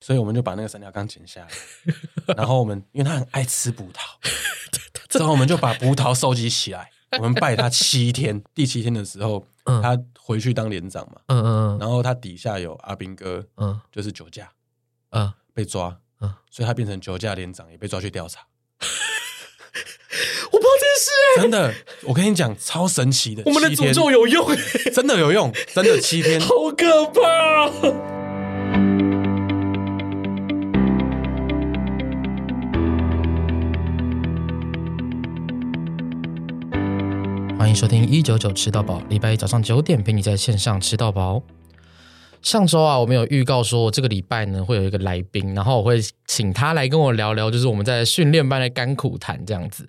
所以我們就把那個神料鋼剪下來， 然後我們因為他很愛吃葡萄，之 後我們就把葡萄收集起來，我們拜他七天。 第七天的時候，嗯，他回去當連長嘛，嗯嗯，嗯，然後他底下有阿兵哥，嗯，就是酒駕，嗯，被抓，嗯，所以他變成酒駕連長也被抓去調查。 我不知道這事欸，真的，我跟你講超神奇的，我們的詛咒有用，真的有用，真的七天， 好可怕啊。歡迎收聽一九九吃到堡，禮拜一早上九點陪你在線上吃到飽。上周啊，我們有預告說，這個禮拜呢，會有一個來賓，然後我會請他來跟我聊聊，就是我們在訓練班的甘苦談這樣子。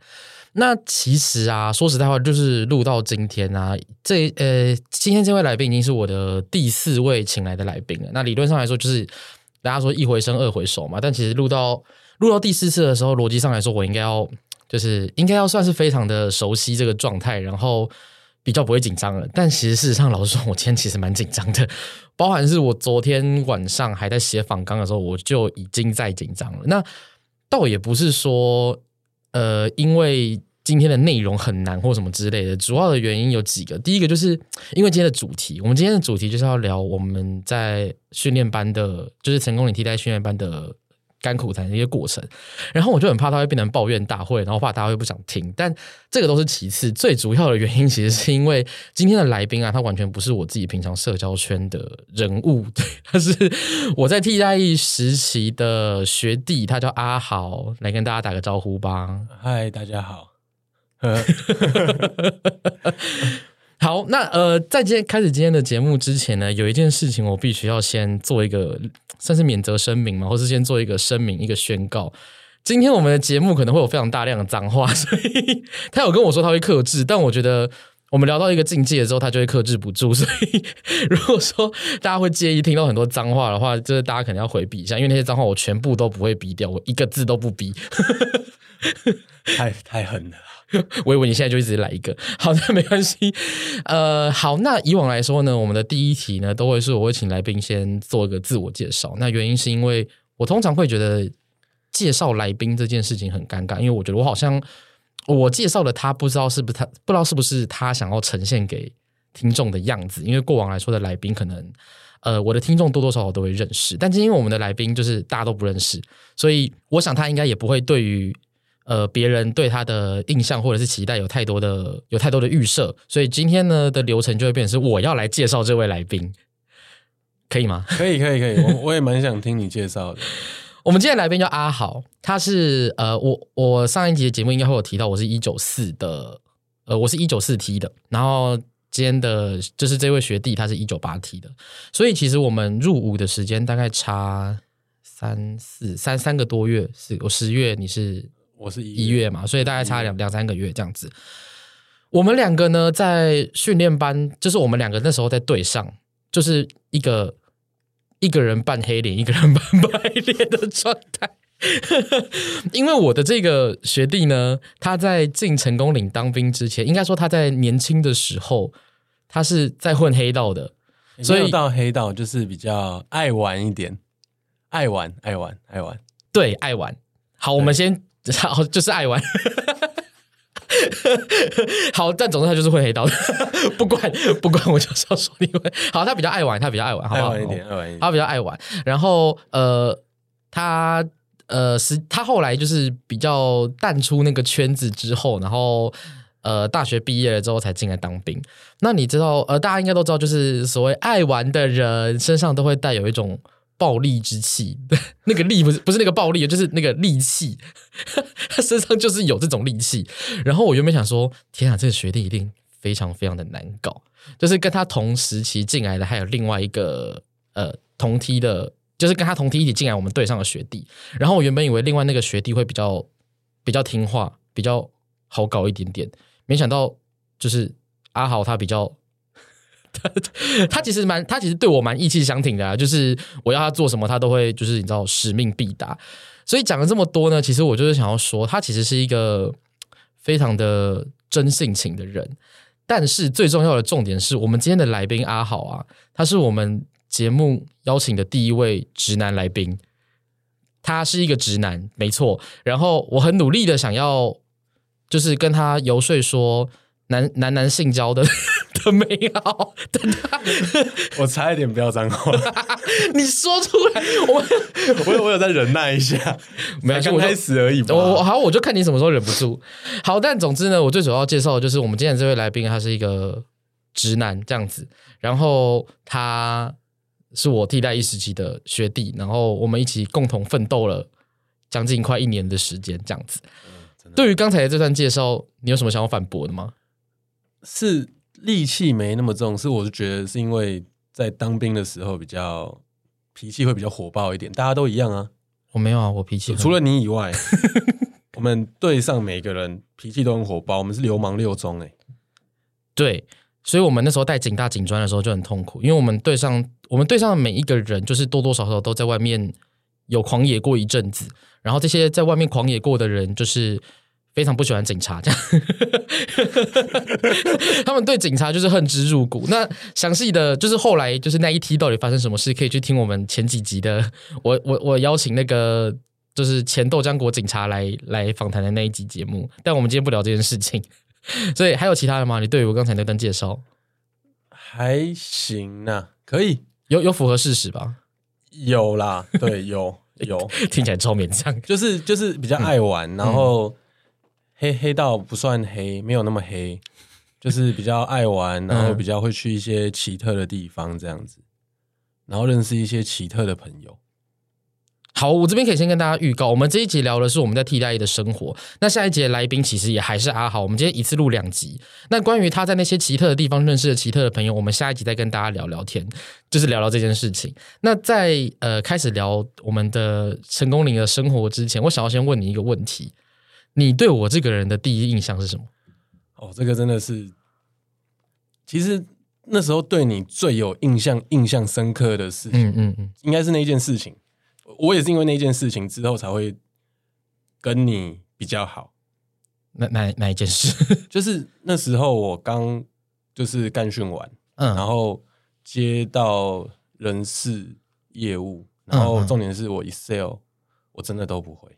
那其實啊，說實在話，就是錄到今天啊，這呃，今天這位來賓已經是我的第四位請來的來賓了。那理論上來說，就是大家說一回生二回熟嘛。但其實錄到錄到第四次的時候，邏輯上來說，我應該要。就是應該要算是非常的熟悉這個狀態，然後比較不會緊張了。但其實事實上，老實說，我今天其實蠻緊張的。包含是我昨天晚上還在寫訪綱的時候，我就已經在緊張了。那倒也不是說，呃，因為今天的內容很難或什麼之類的。主要的原因有幾個，第一個就是因為今天的主題，我們今天的主題就是要聊我們在訓練班的，就是成功嶺替代役訓練班的。甘苦談的一些過程，然後我就很怕他會變成抱怨大會，然後怕大家會不想聽。但這個都是其次，最主要的原因其實是因為今天的來賓啊，他完全不是我自己平常社交圈的人物，對他是我在替代役時期的學弟，他叫阿豪，來跟大家打個招呼吧。嗨，大家好。呵 好，那呃，在今天開始今天的節目之前呢，有一件事情我必須要先做一個算是免責聲明嘛，或是先做一個聲明一個宣告。今天我們的節目可能會有非常大量的髒話，所以他有跟我說他會克制，但我覺得我們聊到一個境界之後，他就會克制不住。所以如果說大家會介意聽到很多髒話的話，就是大家可能要回避一下，因為那些髒話我全部都不會逼掉，我一個字都不逼， 太太狠了。 我以為你現在就一直來一個，好的，那沒關係。呃，好，那以往來說呢，我們的第一題呢，都會是我會請來賓先做一個自我介紹。那原因是因為我通常會覺得介紹來賓這件事情很尷尬，因為我覺得我好像我介紹了他，不知道是不是他，不知道是不是他想要呈現給聽眾的樣子。因為過往來說的來賓，可能呃我的聽眾多多少少都會認識，但是因為我們的來賓就是大家都不認識，所以我想他應該也不會對於。呃，別人對他的印象或者是期待有太多的有太多的預設，所以今天的呢的流程就會變成我要來介紹這位來賓，可以嗎？可以，可以，可 以。我我也蠻想聽你介紹的。 我們今天來賓叫阿豪，他是呃，我我上一集的節目應該會有提到，我是一九四的，呃，我是一九四 T 的。然後今天的就是這位學弟，他是一九八 T 的。所以其實我們入伍的時間大概差三四三三個多月，四我十月你是。我是一月，一月嘛，所以大概差兩兩三個月這樣子。我們兩個呢，在訓練班，就是我們兩個那時候在隊上，就是一個一個人扮黑臉，一個人扮白臉的狀態。 因為我的這個學弟呢，他在進成功嶺當兵之前，應該說他在年輕的時候，他是在混黑道的。所以混到黑道就是比較愛玩一點，愛玩愛玩愛玩，對，愛玩。好，我們先。好，就是愛玩 。 好，但總之他就是混黑道的， 不管不管我，就是要說你們。好，他比較愛玩，他比較愛玩，好不好？一點一點他比較愛玩。然後呃，他呃，是他後來就是比較淡出那個圈子，之後，然後呃，大學畢業了之後才進來當兵。那你知道呃，大家應該都知道，就是所謂愛玩的人身上都會帶有一種。暴戾之氣， 對，那個戾不是不是那個暴戾，就是那個戾氣。 他身上就是有這種戾氣。然後我原本想說，天啊，這個學弟一定非常非常的難搞。就是跟他同時期進來的，還有另外一個呃同梯的，就是跟他同梯一起進來我們隊上的學弟。然後我原本以為另外那個學弟會比較比較聽話，比較好搞一點點，沒想到就是阿豪他比較他 他其實蠻他其實對我蠻義氣相挺的，啊，就是我要他做什麼，他都會就是你知道使命必達。所以講了這麼多呢，其實我就是想要說，他其實是一個非常的真性情的人。但是最重要的重點是，我們今天的來賓阿豪啊，他是我們節目邀請的第一位直男來賓，他是一個直男，沒錯。然後我很努力的想要就是跟他游說說男男男性交的。的沒有，等他。我差一點不要髒話， 你說出來，我 我有我有在忍耐一下沒關係，沒有剛開始而已吧我。我好，我就看你什麼時候忍不住。好，但總之呢，我最主要要介紹的就是，我們今天這位來賓，他是一個直男這樣子，然後他是我替代役時期的學弟，然後我們一起共同奮鬥了將近快一年的時間這樣子。嗯，對於剛才的這段介紹，你有什麼想要反駁的嗎？是。力氣沒那麼重，是我是覺得是因為在當兵的時候比較脾氣會比較火爆一點，大家都一樣啊。我沒有啊，我脾氣除了你以外， 我們隊上每個人脾氣都很火爆，我們是流氓六中哎、欸。對，所以我們那時候帶警大警專的時候就很痛苦，因為我們隊上我們隊上的每一個人就是多多少少都在外面有狂野過一陣子，然後這些在外面狂野過的人就是。非常不喜歡警察，這樣， 他們對警察就是恨之入骨。那詳細的就是後來就是那一梯到底發生什麼事，可以去聽我們前幾集的。我我我邀請那個就是前豆漿國警察來來訪談的那一集節目。但我們今天不聊這件事情，所以還有其他的嗎？你對於我剛才那段介紹還行啊，可以有有符合事實吧？有啦，對，有有， 聽起來超勉強，這就是就是比較愛玩，嗯、然後。黑黑到不算黑，沒有那麼黑， 就是比較愛玩，然後比較會去一些奇特的地方這樣子，嗯、然後認識一些奇特的朋友。好，我這邊可以先跟大家預告，我們這一集聊的是我們在替代、役、的生活。那下一集的來賓其實也還是阿豪，我們今天一次錄兩集。那關於他在那些奇特的地方認識的奇特的朋友，我們下一集再跟大家聊聊天，就是聊聊這件事情。那在呃開始聊我們的成功嶺的生活之前，我想要先問你一個問題。你對我這個人的第一印象是什麼？哦，這個真的是，其實那時候對你最有印象、印象深刻的事情，嗯嗯嗯，應該是那件事情。我也是因為那件事情之後才會跟你比較好。哪、哪、哪一件事？ 就是那時候我剛就是幹訓完，嗯，然後接到人事業務，然後重點是我 Excel、嗯嗯、我真的都不會。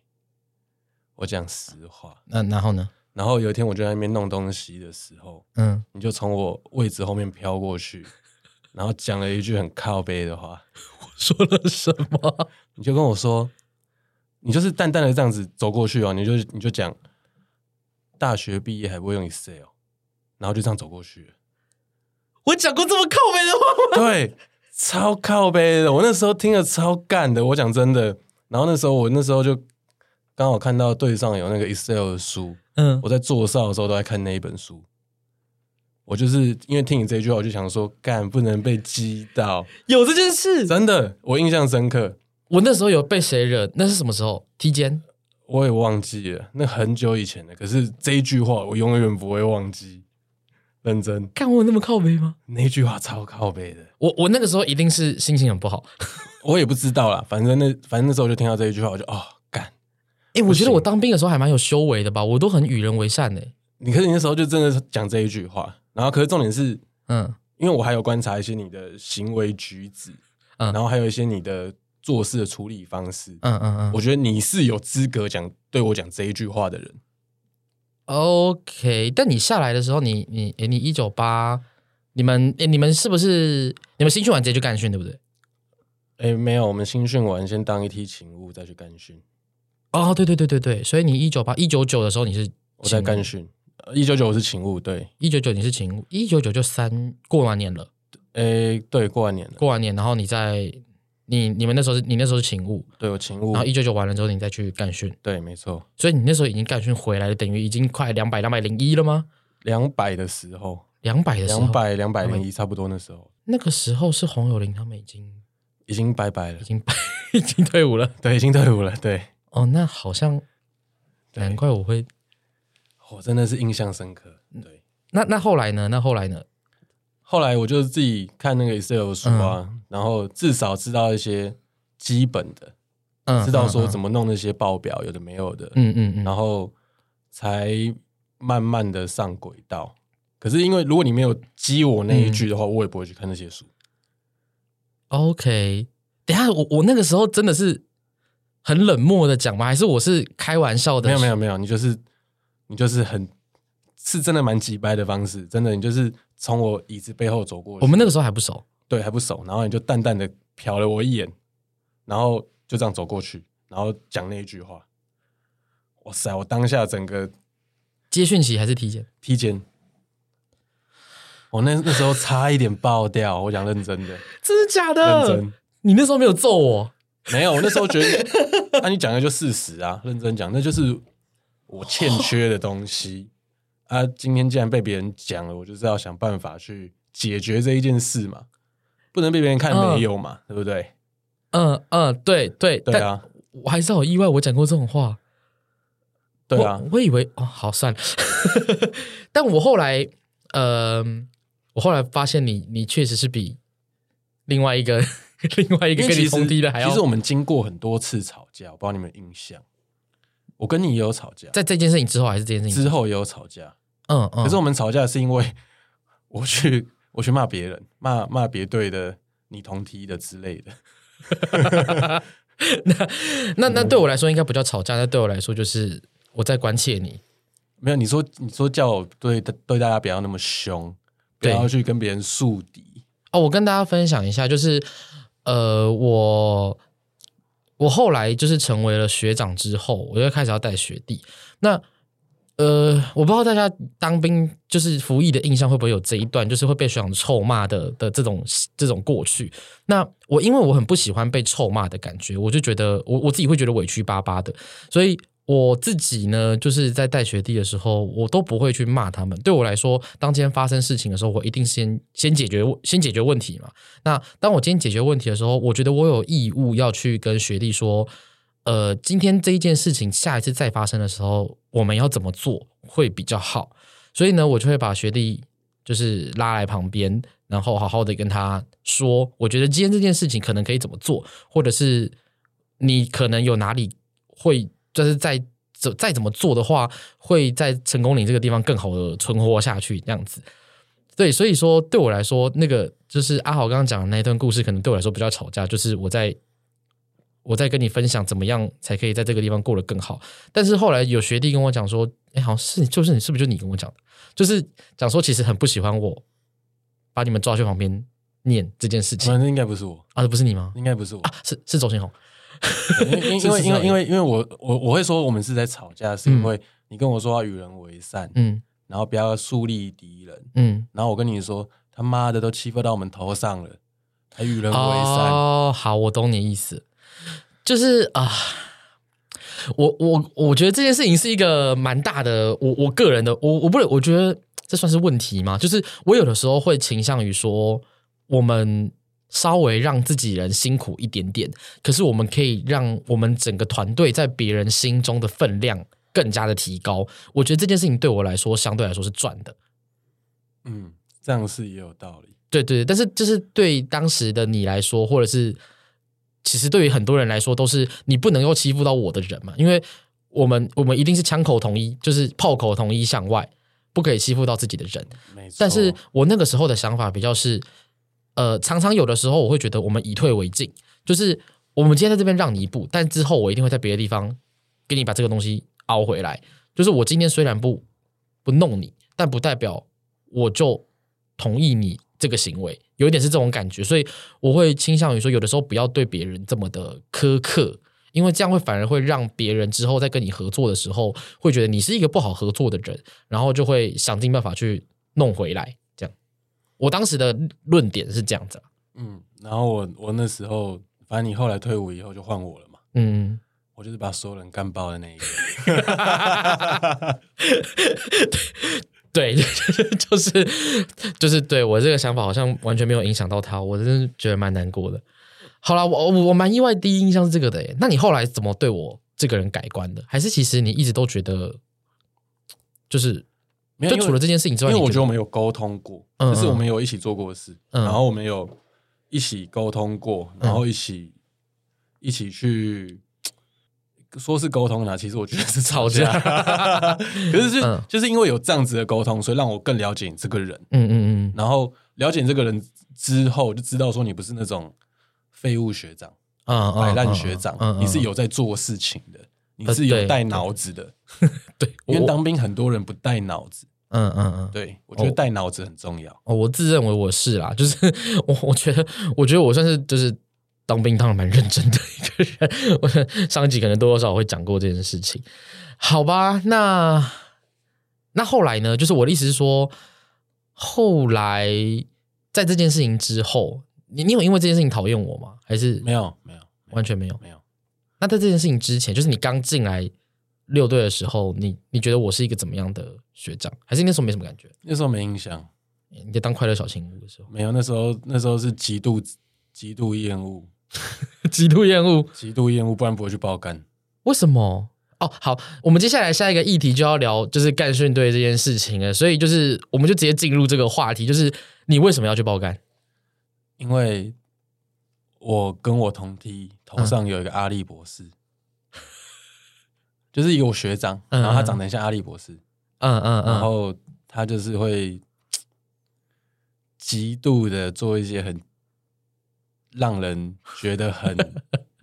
我講實話，那然後呢？然後有一天我就在那邊弄東西的時候，嗯，你就從我位置後面飄過去，然後講了一句很靠北的話。我說了什麼？你就跟我說，你就是淡淡的這樣子走過去哦、啊，你就你就講大學畢業還不會用 Excel，然後就這樣走過去。我講過這麼靠北的話嗎？對，超靠北的。我那時候聽了超幹的。我講真的，然後那時候我那時候就。剛好看到隊上有那個 Excel 的書，嗯，我在做哨的時候都在看那一本書。我就是因為聽你這句話，我就想說幹不能被激到，有這件事真的，我印象深刻。我那時候有被誰惹？那是什麼時候？踢毽？我也忘記了，那很久以前的，可是這一句話我永遠不會忘記，認真。看我那麼靠北嗎？那句話超靠北的。我我那個時候一定是心情很不好。我也不知道啦，反正那反正那時候就聽到這一句話，我就啊、哦。哎、欸，我覺得我當兵的時候還蠻有修為的吧，我都很與人為善哎。你可是你那時候就真的講這一句話，然後可是重點是，嗯，因為我還有觀察一些你的行為舉止，嗯，然後還有一些你的做事的處理方式，嗯嗯嗯,嗯，我覺得你是有資格講對我講這一句話的人。OK，但你下來的時候你，你你哎，你一九八，你, 198, 你們、欸、你們是不是你們新訓完直接去幹訓對不對？哎、欸，沒有，我們新訓完先當一梯勤務再去幹訓。哦、oh,，對對對對對，所以你一九八一九九的時候你是我在幹訓，一九九是勤務，對，一九九你是勤務，一九九就三過完年了，誒，對，過完年了，過完年，然後你在你你們那時候你那時候是勤務，對，我勤務，然後一九九完了之後你再去幹訓，對，沒錯，所以你那時候已經幹訓回來了，等於已經快兩百兩百零一了嗎？兩百的時候，兩百的時候，兩百兩百零一差不多那時候，那個時候是洪有林他們已經已經拜拜了，已經 已經退伍了，對，已經退伍了，對。哦、oh,，那好像難怪我會，我、oh, 真的是印象深刻。對，那那後來呢？那後來呢？後來我就自己看那個 Excel 書啊、嗯，然後至少知道一些基本的，嗯、知道說怎麼弄那些報表，有的沒有的。嗯嗯嗯，嗯。然後才慢慢的上軌道。可是因為如果你沒有激我那一句的話、嗯，我也不會去看那些書。OK，等一下我我那個時候真的是。很冷漠的講嗎？還是我是開玩笑的？沒有沒有沒有，你就是你就是很，是真的蠻機掰的方式，真的，你就是從我椅子背後走過去。我們那個時候還不熟，對，還不熟。然後你就淡淡的瞟了我一眼，然後就這樣走過去，然後講那一句話。哇塞！我當下整個接訓期還是體檢？體檢。我、哦、那那時候差一點爆掉， 我講認真的，真的假的？認真。你那時候沒有揍我。 沒有，我那時候覺得，那、啊、你講的就事實啊，認真講，那就是我欠缺的東西、oh. 啊。今天既然被別人講了，我就是要想辦法去解決這一件事嘛，不能被別人看沒有嘛，uh. 對不對？嗯、uh, 嗯、uh,，對對對啊，我還是好意外，我講過這種話。對啊，我，我以為哦，好算了， 但我後來，呃，我後來發現你，你確實是比另外一個。 另外一個跟你同梯的還要其，其實我們經過很多次吵架，我不知道你們的印象。我跟你也有吵架，在這件事情之後還是這件事情之後,之後也有吵架。嗯嗯。可是我們吵架是因為我去我去罵別人，罵罵別隊的，你同梯的之類的。 那那那對我來說應該不叫吵架，那、嗯、對我來說就是我在關切你。沒有，你說你說叫我對對,對大家不要那麼凶，不要,要去跟別人樹敵。哦，我跟大家分享一下，就是。呃，我我後來就是成為了學長之後，我就開始要帶學弟。那呃，我不知道大家當兵就是服役的印象會不會有這一段，就是會被學長臭罵的的這種這種過去。那我因為我很不喜歡被臭罵的感覺，我就覺得我我自己會覺得委屈巴巴的，所以。我自己呢，就是在帶學弟的時候，我都不會去罵他們。對我來說，當今天發生事情的時候，我一定先先解決問先解決問題嘛。那當我今天解決問題的時候，我覺得我有義務要去跟學弟說，呃，今天這一件事情，下一次再發生的時候，我們要怎麼做會比較好。所以呢，我就會把學弟就是拉來旁邊，然後好好的跟他說，我覺得今天這件事情可能可以怎麼做，或者是你可能有哪裡會。就是在怎再，再怎麼做的話，會在成功嶺這個地方更好的存活下去，這樣子。對，所以說對我來說，那個就是阿豪剛剛講的那一段故事，可能對我來說比較吵架，就是我在我在跟你分享怎麼樣才可以在這個地方過得更好。但是後來有學弟跟我講說，哎、欸，好像是你，就是你，是不是就是你跟我講的？就是講說其實很不喜歡我把你們抓去旁邊念這件事情。那應該不是我啊，不是你嗎？應該不是我啊，是是周星紅。 因為因為因為因為我我我會說我們是在吵架，是因為你跟我說要與人為善，嗯，然後不要樹立敵人，嗯，然後我跟你說他媽的都欺負到我們頭上了，還與人為善，哦，好，我懂你意思，就是啊，我我我覺得這件事情是一個蠻大的，我我個人的，我我不我覺得這算是問題嗎？就是我有的時候會傾向於說我們。稍微讓自己人辛苦一點點，可是我們可以讓我們整個團隊在別人心中的分量更加的提高。我覺得這件事情對我來說相對來說是賺的。嗯，這樣是也有道理。對對對，但是就是對當時的你來說，或者是其實對於很多人來說，都是你不能夠欺負到我的人嘛，因為我們我們一定是槍口統一，就是炮口統一向外，不可以欺負到自己的人。沒錯。但是我那個時候的想法比較是。呃，常常有的時候我會覺得我們以退為進，就是我們今天在這邊讓你一步，但之後我一定會在別的地方給你把這個東西凹回來。就是我今天雖然不不弄你，但不代表我就同意你這個行為，有一點是這種感覺，所以我會傾向於說，有的時候不要對別人這麼的苛刻，因為這樣會反而會讓別人之後在跟你合作的時候會覺得你是一個不好合作的人，然後就會想盡辦法去弄回來。我當時的論點是這樣子、啊，嗯，然後我我那時候，反正你後來退伍以後就換我了嘛，嗯，我就是把所有人幹爆的那一個， 對，就是、就是、就是對我這個想法好像完全沒有影響到他，我真的覺得蠻難過的。好啦，我我蠻意外，第一印象是這個的耶，那你後來怎麼對我這個人改觀的？還是其實你一直都覺得就是。就除了這件事情之外，因為我覺得我們有溝通過，嗯、就是我們有一起做過的事、嗯，然後我們有一起溝通過，嗯、然後一起一起去說是溝通了，其實我覺得是 吵架。 可是是就、嗯、就是因為有這樣子的溝通，所以讓我更了解你這個人。嗯嗯嗯，然後了解你這個人之後，就知道說你不是那種廢物學長啊，擺、嗯嗯、爛學長、嗯嗯嗯，你是有在做事情的、嗯，你是有帶腦子的。對，因為當兵很多人不帶腦子。 嗯嗯嗯，對嗯，我覺得帶腦子很重要。哦、我自認為我是啦，就是我我覺得，我覺得我算是就是當兵當的蠻認真的一個人。我上集可能多多少少會講過這件事情，好吧？那那後來呢？就是我的意思是說，後來在這件事情之後，你，你有因為這件事情討厭我嗎？還是沒有沒有、沒有完全沒有沒有？那在這件事情之前，就是你剛進來。六隊的時候，你你覺得我是一個怎麼樣的學長？還是那時候沒什麼感覺？那時候沒印象。你在當快樂小情物的時候？沒有，那時候那時候是極度極度厭惡， 極度厭惡，極度厭惡，不然不會去報幹。為什麼？哦，好，我們接下來下一個議題就要聊就是幹訓隊這件事情了，所以就是我們就直接進入這個話題，就是你為什麼要去報幹？因為我跟我同梯頭上有一個阿力博士。嗯就是有學長，然後他長得像阿笠博士，嗯嗯、嗯、嗯，然後他就是會極度的做一些很讓人覺得很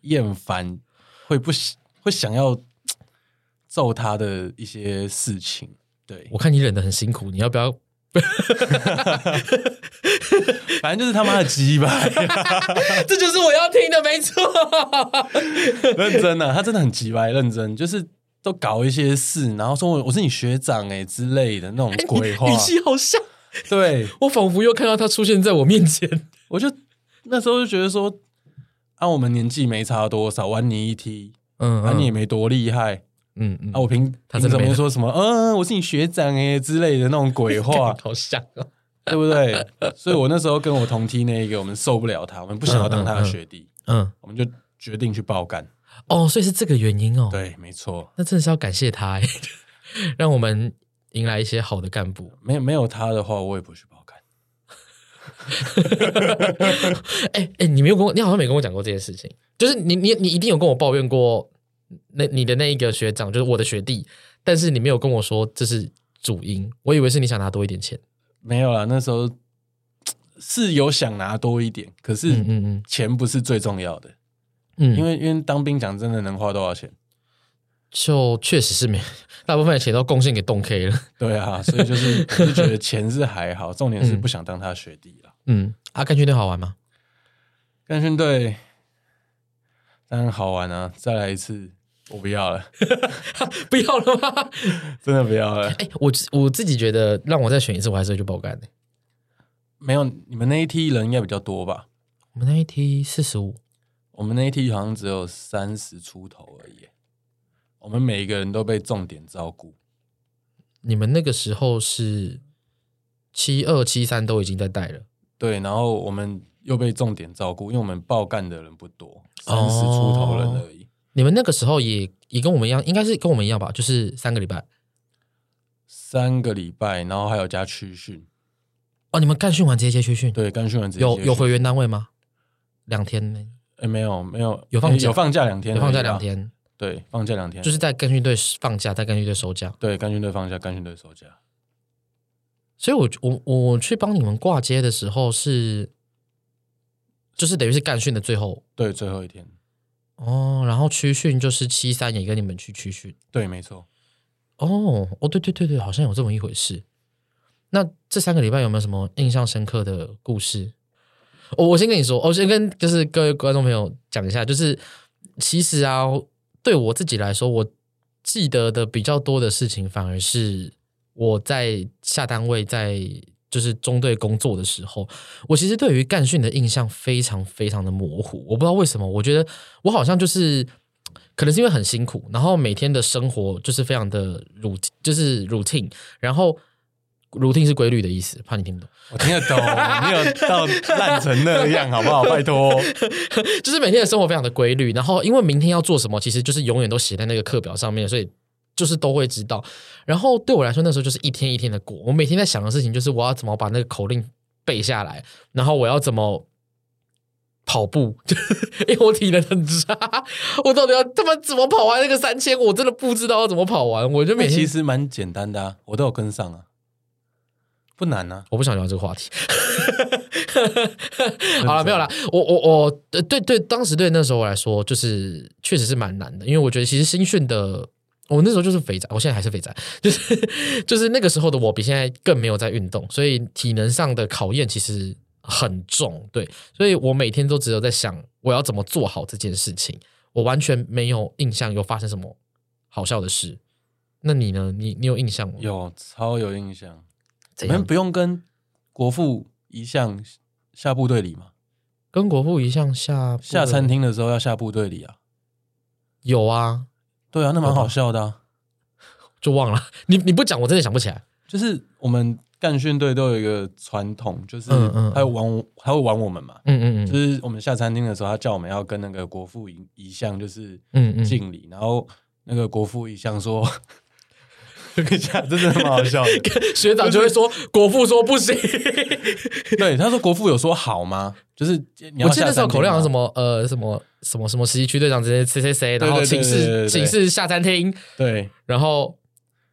厭煩、 會不會想要揍他的一些事情。對，我看你忍得很辛苦，你要不要？ 反正就是他媽的雞掰， 這就是我要聽的，沒錯。 認真啊，他真的很雞掰，認真就是。都搞一些事，然後說我是你學長哎之類的那種鬼話，語氣好像，對我仿佛又看到他出現在我面前， 我就那時候就覺得說，啊，我們年紀沒差多少，玩你一梯，嗯，玩、嗯啊、你也沒多厲害，嗯嗯，啊，我憑，他怎麼說什麼，嗯、啊，我是你學長哎之類的那種鬼話，好像、哦，對不對？ 所以我那時候跟我同梯那一個，我們受不了他，我們不想要當他的學弟，嗯，嗯嗯我們就決定去報幹。哦，所以是這個原因哦。對，沒錯。那真的是要感謝他， 讓我們迎來一些好的幹部。沒有沒有他的話，我也不去報幹哈哈，哎 哎、 欸欸，你沒有跟我，你好像沒跟我講過這件事情。就是你你你一定有跟我抱怨過那，那你的那一個學長就是我的學弟，但是你沒有跟我說這是主因。我以為是你想拿多一點錢。沒有啦，那時候是有想拿多一點，可是嗯嗯，錢不是最重要的。嗯嗯嗯嗯，因為因為當兵講真的能花多少錢，就確實是沒，大部分的錢都貢獻給動 K 了。對啊，所以就是就 覺得錢是還好，重點是不想當他學弟了。嗯，阿、啊、幹訓隊好玩嗎？幹訓隊當然好玩啊！再來一次，我不要了， 不要了嗎？真的不要了？哎、欸，我我自己覺得，讓我再選一次，我還是會去爆肝的、欸。沒有，你們那一梯人應該比較多吧？我們那一梯四十五。我們那一梯好像只有三十出頭而已，我們每一個人都被重點照顧。你們那個時候是七二七三都已經在帶了，對，然後我們又被重點照顧，因為我們報幹的人不多，三十出頭人而已。哦，你們那個時候也也跟我們一樣，應該是跟我們一樣吧？就是三個禮拜，三個禮拜，然後還有加區訓。哦，你們幹訓完直接接區訓？對，幹訓完直接接區訓？有有回原單位嗎？兩天內。誒沒有，沒有，有放假，有放假兩天，有放假兩天，啊、對，放假兩天，就是在幹訓隊放假，在幹訓隊收假，對，幹訓隊放假，幹訓隊收假。所以我，我我我去幫你們掛街的時候是，是就是等於是幹訓的最後，對，最後一天。哦，然後區訓就是七三也跟你們去區訓，對，沒錯。哦，哦，對對對對，好像有這麼一回事。那這三個禮拜有沒有什麼印象深刻的故事？我我先跟你說，我先跟就是各位觀眾朋友講一下，就是其實啊，對我自己來說，我記得的比較多的事情，反而是我在下單位在就是中隊工作的時候，我其實對於幹訓的印象非常非常的模糊。我不知道為什麼，我覺得我好像就是可能是因為很辛苦，然後每天的生活就是非常的 routine，就是 routine，然後。Routine 是規律的意思，怕你聽不懂。我聽得懂，沒 有到爛成那樣，好不好？拜託，就是每天的生活非常的規律。然後，因為明天要做什麼，其實就是永遠都寫在那個課表上面，所以就是都會知道。然後對我來說，那時候就是一天一天的過。我每天在想的事情就是，我要怎麼把那個口令背下來，然後我要怎麼跑步，就因為我體能很差，我到底要他媽怎麼跑完那個三千？我真的不知道要怎麼跑完。我就每天其實蠻簡單的啊，我都有跟上啊。不難呢、啊，我不想聊這個話題 。 好了，沒有啦。我我我對對，當時對那時候來說，就是確實是蠻難的，因為我覺得其實新訓的我那時候就是肥宅，我現在還是肥宅，就是就是那個時候的我比現在更沒有在運動，所以體能上的考驗其實很重。對，所以我每天都只有在想我要怎麼做好這件事情，我完全沒有印象有發生什麼好笑的事。那你呢？你你有印象嗎？有，超有印象。你們不用跟國父遺像下部隊禮嗎？跟國父遺像下下餐廳的時候要下部隊禮啊？有啊，對啊，那蠻好笑的、啊嗯啊，就忘了。你你不講，我真的想不起來。就是我們幹訓隊都有一個傳統，就是他會玩，他、嗯嗯、會玩我們嘛。嗯嗯嗯，就是我們下餐廳的時候，他叫我們要跟那個國父遺遺像，就是敬嗯敬、嗯、禮，然後那個國父遺像說。嗯嗯真的很好笑學長就會說 就國父說不行，對，他說國父有說好嗎？就是我記得那時候口令好像什麼呃什麼什麼什麼實習區隊長這些誰誰誰，然後請示請示下餐廳，對,對,對,對,對,對，對然後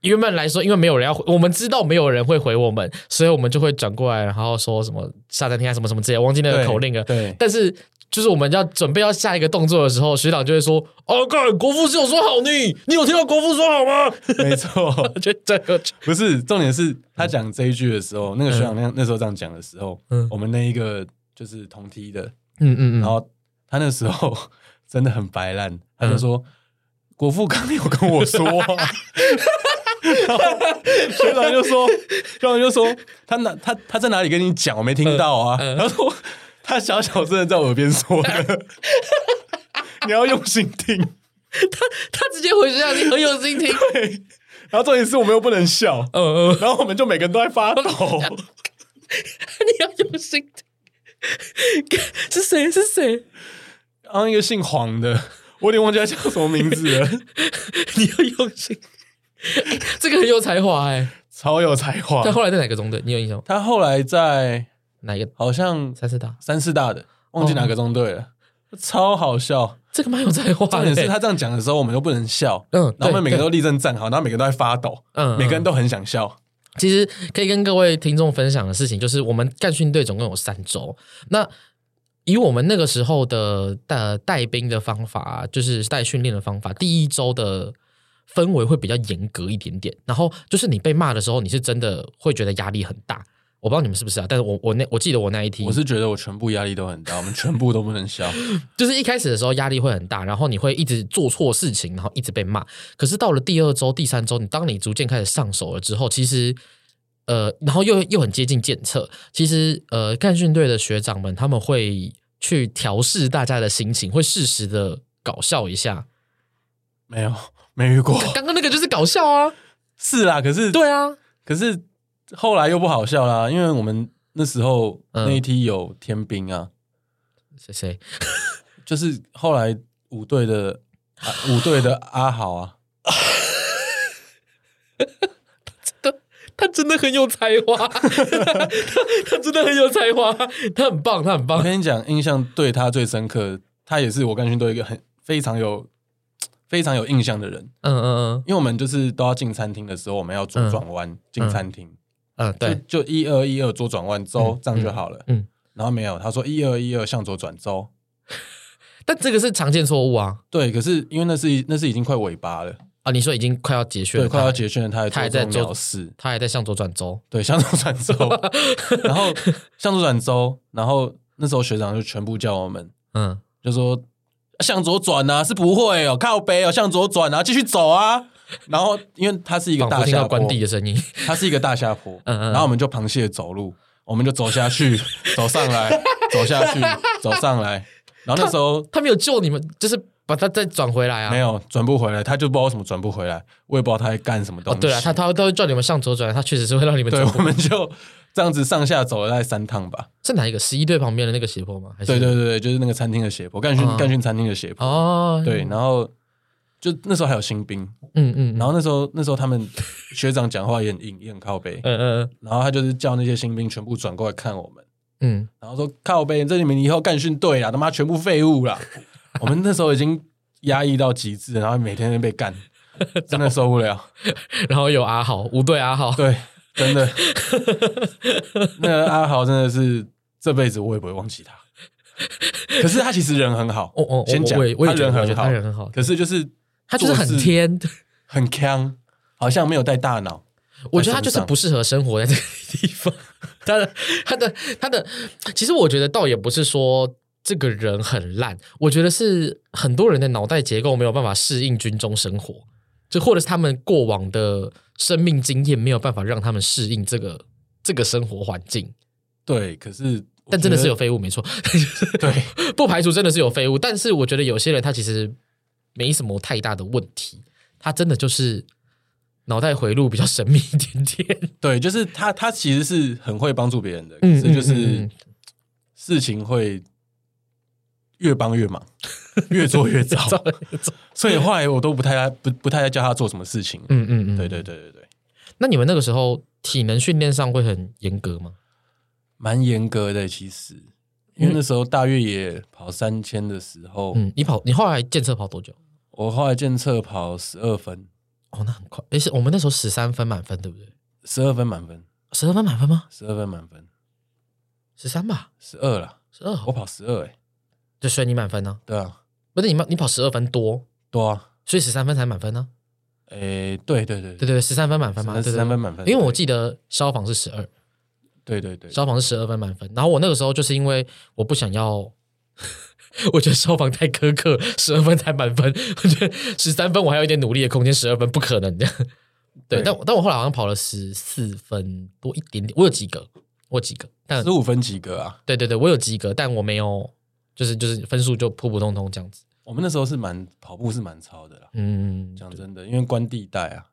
原本來說因為沒有人要回，我們知道沒有人會回我們，所以我們就會轉過來，然後說什麼下餐廳啊什麼什麼之類忘記那個口令了，對,對，但是。就是我們要準備要下一個動作的時候，學長就會說：“哦，看國父是有說好你，你有聽到國父說好嗎？”沒錯， 就這個不是重點是，是他講這一句的時候，嗯、那個學長那那時候這樣講的時候、嗯，我們那一個就是同梯的，嗯嗯然後他那時候真的很白爛、嗯，他就說、嗯、國父剛有跟我說， 學長就說，學長就說他哪他他在哪裡跟你講？我沒聽到啊，嗯、然後說。他小小聲的在我耳邊說：“ 你要用心聽。 ”他他直接回學校、啊，你很有心聽。對，然後這一次我們又不能笑，嗯嗯，然後我們就每個人都在發抖。 你要用心聽是誰，是誰是誰？剛一個姓黃的，我有點忘記他叫什麼名字了。 你要用心， 欸、這個很有才華，誒超有才華。他後來在哪個中隊？你有印象？他後來在。哪一個？好像三四大、三四大的，嗯，忘記哪個中隊了，哦。超好笑，這個蠻有才華，欸。重點是他這樣講的時候，我們都不能笑。嗯，然後我們每個都立正站好，嗯，然後每個都在發抖。嗯，每個人都很想笑。嗯嗯、其實可以跟各位聽眾分享的事情就是，我們幹訓隊總共有三週。那以我們那個時候的呃帶兵的方法，就是帶訓練的方法，第一週的氛圍會比較嚴格一點點。然後就是你被罵的時候，你是真的會覺得壓力很大。我不知道你們是不是啊，但是我我那我記得我那一天，我是覺得我全部壓力都很大，我們全部都不能笑， 就是一開始的時候壓力會很大，然後你會一直做錯事情，然後一直被罵。可是到了第二周、第三周，你當你逐漸開始上手了之後，其實呃，然後又又很接近檢測，其實呃，幹訓隊的學長們他們會去調試大家的心情，會適時的搞笑一下。沒有，沒遇過。剛剛那個就是搞笑啊，是啦，可是對啊，可是。後來又不好笑啦，因為我們那時候那一梯有天兵啊，誰、嗯、誰，誰誰 就是後來五隊的五隊、啊、的阿豪啊， 他真的他真的很有才華， 他他真的很有才華，他很棒，他很棒。我跟你講，印象對他最深刻，他也是我跟君都一個很非常有非常有印象的人。嗯嗯嗯，因為我們就是都要進餐廳的時候，我們要左轉彎進餐廳。嗯，對，就一二一二左轉彎走，嗯，這樣就好了，嗯。嗯，然後沒有，他說一二一二向左轉走， 但這個是常見錯誤啊。對，可是因為那是那是已經快尾巴了啊，你說已經快要結束了？對，快要結束了。他還，他還在做事，他在，他還在向左轉走，對，向左轉走， 然後向左轉走，然後那時候學長就全部叫我們，嗯，就說向左轉啊，是不會哦，靠北哦，向左轉啊，繼續走啊。然後，因為他是一個大下坡，關帝的聲音，他是一個大下坡。 嗯嗯。然後我們就螃蟹走路，我們就走下去， 走上來，走下去，走上來。然後那時候他，他沒有救你們，就是把他再轉回來啊？沒有，轉不回來，他就不知道怎麼轉不回來，我也不知道他會幹什麼東西。哦、對啊，他他他會叫你們向左轉、轉，他確實是會讓你們。對，我們就這樣子上下走了大概三趟吧。是哪一個？十一隊旁邊的那個斜坡嗎？還是？對，對對對，就是那個餐廳的斜坡，幹訓幹訓餐廳的斜坡。哦。對，然後。就那時候還有新兵，嗯嗯，然後那時候那時候他們學長講話也很硬， 也很靠北，嗯嗯嗯，然後他就是叫那些新兵全部轉過來看我們，嗯，然後說靠北，這裡面以後幹訓隊了，他媽全部廢物啦。 我們那時候已經壓抑到極致，然後每天都被幹，真 的受不了。然後有阿豪五隊阿豪，對，真的， 那個阿豪真的是這輩子我也不會忘記他。 可是他其實人很好，哦哦，先講，他、哦、我也，我也覺得他人很好，他人很好，可是就是。他就是很天，很 c 好像沒有帶大腦。我覺得他就是不適合生活在這個地方。 他的，他的，他的，其實我覺得倒也不是說這個人很爛，我覺得是很多人的腦袋結構沒有辦法適應軍中生活，就或者是他們過往的生命經驗沒有辦法讓他們適應這個、嗯、這個生活環境。對，可是，但真的是有廢物，沒錯，對， 不排除真的是有廢物，但是我覺得有些人他其實。沒什麼太大的問題，他真的就是腦袋回路比較神秘一點點。對，就是他，他其實是很會幫助別人的，嗯，所以就是事情會越幫越忙，嗯、越，做越， 越做越糟。所以後來我都不太不不太叫他做什麼事情。嗯嗯嗯，對對對對對。那你們那個時候體能訓練上會很嚴格嗎？蠻嚴格的，其實，因為那時候大越野跑三千的時候，嗯嗯、你跑你後來鑑測跑多久？我後來檢測跑十二分，哦，那很快。哎，是我們那時候十三分滿分，對不對？十二分滿分，十二分滿分嗎？十二分滿分，十三吧，十二了，十二。我跑十二、欸，哎，就所以你滿分呢、啊？對啊，不是你你跑十二分多多啊，所以十三分才滿分呢、啊。哎、欸，對對對，對對,對，十三分滿分嗎？十三分滿分對對對，因為我記得消防是十二，對對對，消防是十二分滿分。然後我那個時候就是因為我不想要。 我覺得收房太苛刻，十二分才滿分。我覺得十三分我還有一點努力的空間，十二分不可能的。對，對，但我，但我後來好像跑了十四分多一點點。我有及格，我有及格，但十五分及格啊？對對對，我有及格，但我沒有，就是就是分數就普普通通這樣子。我們那時候是蠻跑步是蠻超的啦。嗯，講真的，因為關地帶啊。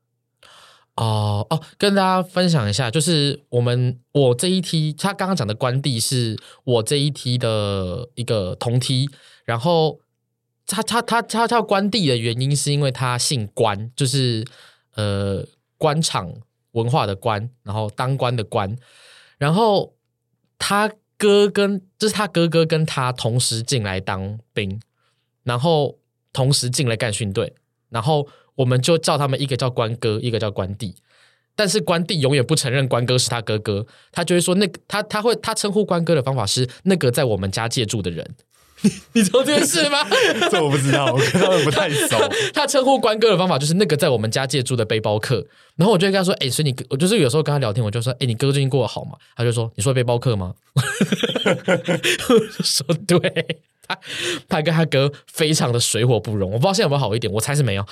哦哦，跟大家分享一下，就是我們我這一梯，他剛剛講的官弟是我這一梯的一個同梯。然後他他他他叫官弟的原因，是因為他姓官，就是呃官場文化的官，然後當官的官。然後他哥跟這、就是他哥哥跟他同時進來當兵，然後同時進了幹訓隊，然後。我們就叫他們一個叫關哥，一個叫關弟，但是關弟永遠不承認關哥是他哥哥，他就會說那個、他他會他稱呼關哥的方法是那個在我們家借住的人，你你說這件事嗎？ 這我不知道，我跟他們不太熟。 他稱呼關哥的方法就是那個在我們家借住的背包客。然後我就跟他說，哎、欸，所以你我就是有時候跟他聊天，我就說，哎、欸，你哥，哥最近過得好嗎？他就說，你說背包客嗎？ 我就說對。他他跟他哥非常的水火不容，我不知道現在有沒有好一點，我猜是沒有。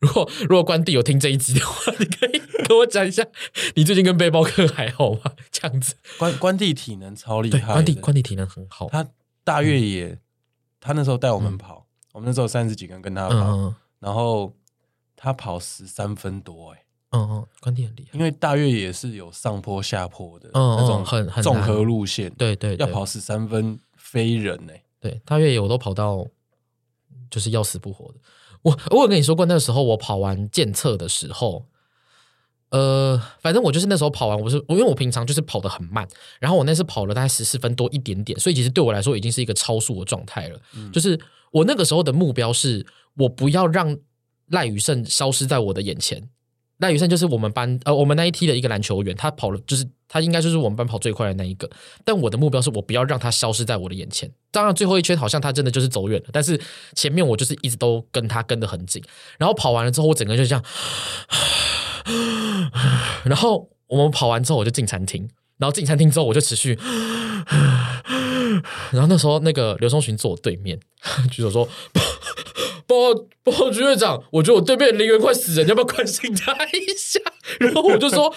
如果如果關帝有聽這一集的話，你可以跟我講一下，你最近跟背包客還好嗎？這樣子，關關帝體能超厲害，關帝關帝體能很好。他大越野，嗯、他那時候帶我們跑，嗯、我們那時候三十幾個人跟他跑，嗯嗯、然後他跑十三分多、欸，嗯嗯，關帝很厲害。因為大越野是有上坡下坡的、嗯、那種很,很綜合路線，對對,對，要跑十三分飛人哎、欸。對，大越野我都跑到，就是要死不活的。我我有跟你說過，那時候我跑完鑑測的時候，呃，反正我就是那時候跑完，我是因為我平常就是跑得很慢，然後我那次跑了大概十四分多一點點，所以其實對我來說已經是一個超速的狀態了。嗯、就是我那個時候的目標是我不要讓賴宇勝消失在我的眼前。賴宇勝就是我們班呃我們那一梯的一個籃球員，他跑了就是。他應該就是我們班跑最快的那一個，但我的目標是我不要讓他消失在我的眼前。當然，最後一圈好像他真的就是走遠了，但是前面我就是一直都跟他跟得很緊。然後跑完了之後，我整個就這樣。然後我們跑完之後，我就進餐廳，然後進餐廳之後，我就持續。然後那時候，那個劉松群坐我對面，舉手說：“報報，局長，我覺得我對面林元快死了，你要不要關心他一下？”然後我就說。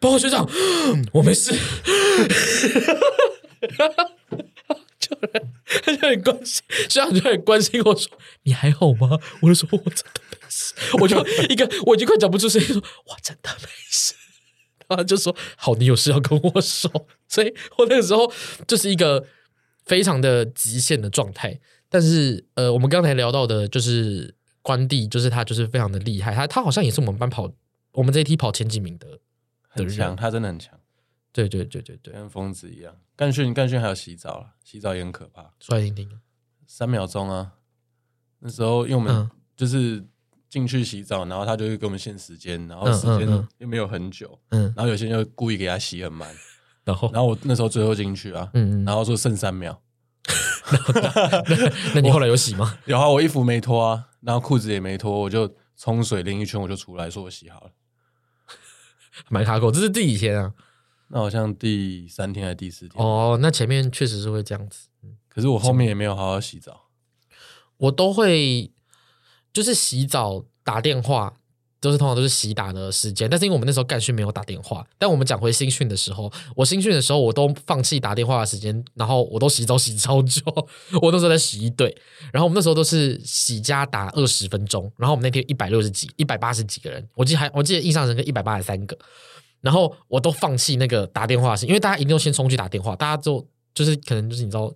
包括學長、嗯，我沒事。哈哈哈哈哈！就就很關心，學長就很關心我說：“你還好嗎？”我就說：“我真的沒事。 ”我就一個，我已經快講不出聲音說，我真的沒事。他就說：“好，你有事要跟我說。”所以，我那個時候就是一個非常的極限的狀態。但是，呃，我們剛才聊到的，就是關帝，就是他，就是非常的厲害。他他好像也是我們班跑，我們這一批跑前幾名的。很強，他真的很強，對對對對對，對，跟瘋子一樣。幹訓幹訓，還有洗澡洗澡，也很可怕。出來聽聽，三秒鐘啊！那時候因為我們就是進去洗澡，然後他就會給我們限時間，然後時間又沒有很久，然後有些人就故意給他洗很慢，然後然後我那時候最後進去啊，然後說剩三秒， 那你後來有洗嗎？有 啊，我衣服沒脫，啊，然後褲子也沒脫，我就沖水淋一圈，我就出來說我洗好了。買卡狗，這是第幾天啊？那好像第三天還是第四天哦。Oh, 那前面確實是會這樣子，可是我後面也沒有好好洗澡，嗯、我都會就是洗澡打電話。都是通常都是洗打的時間，但是因為我們那時候幹訓沒有打電話，但我們講回新訓的時候，我新訓的時候我都放棄打電話的時間，然後我都洗澡洗超久，我那時候在十一隊，然後我們那時候都是洗加打二十分鐘，然後我們那天一百六十幾、一百八十幾個人，我記得還我記得印象中跟一百八十三個，然後我都放棄那個打電話的時間，因為大家一定要先衝去打電話，大家就就是可能就是你知道。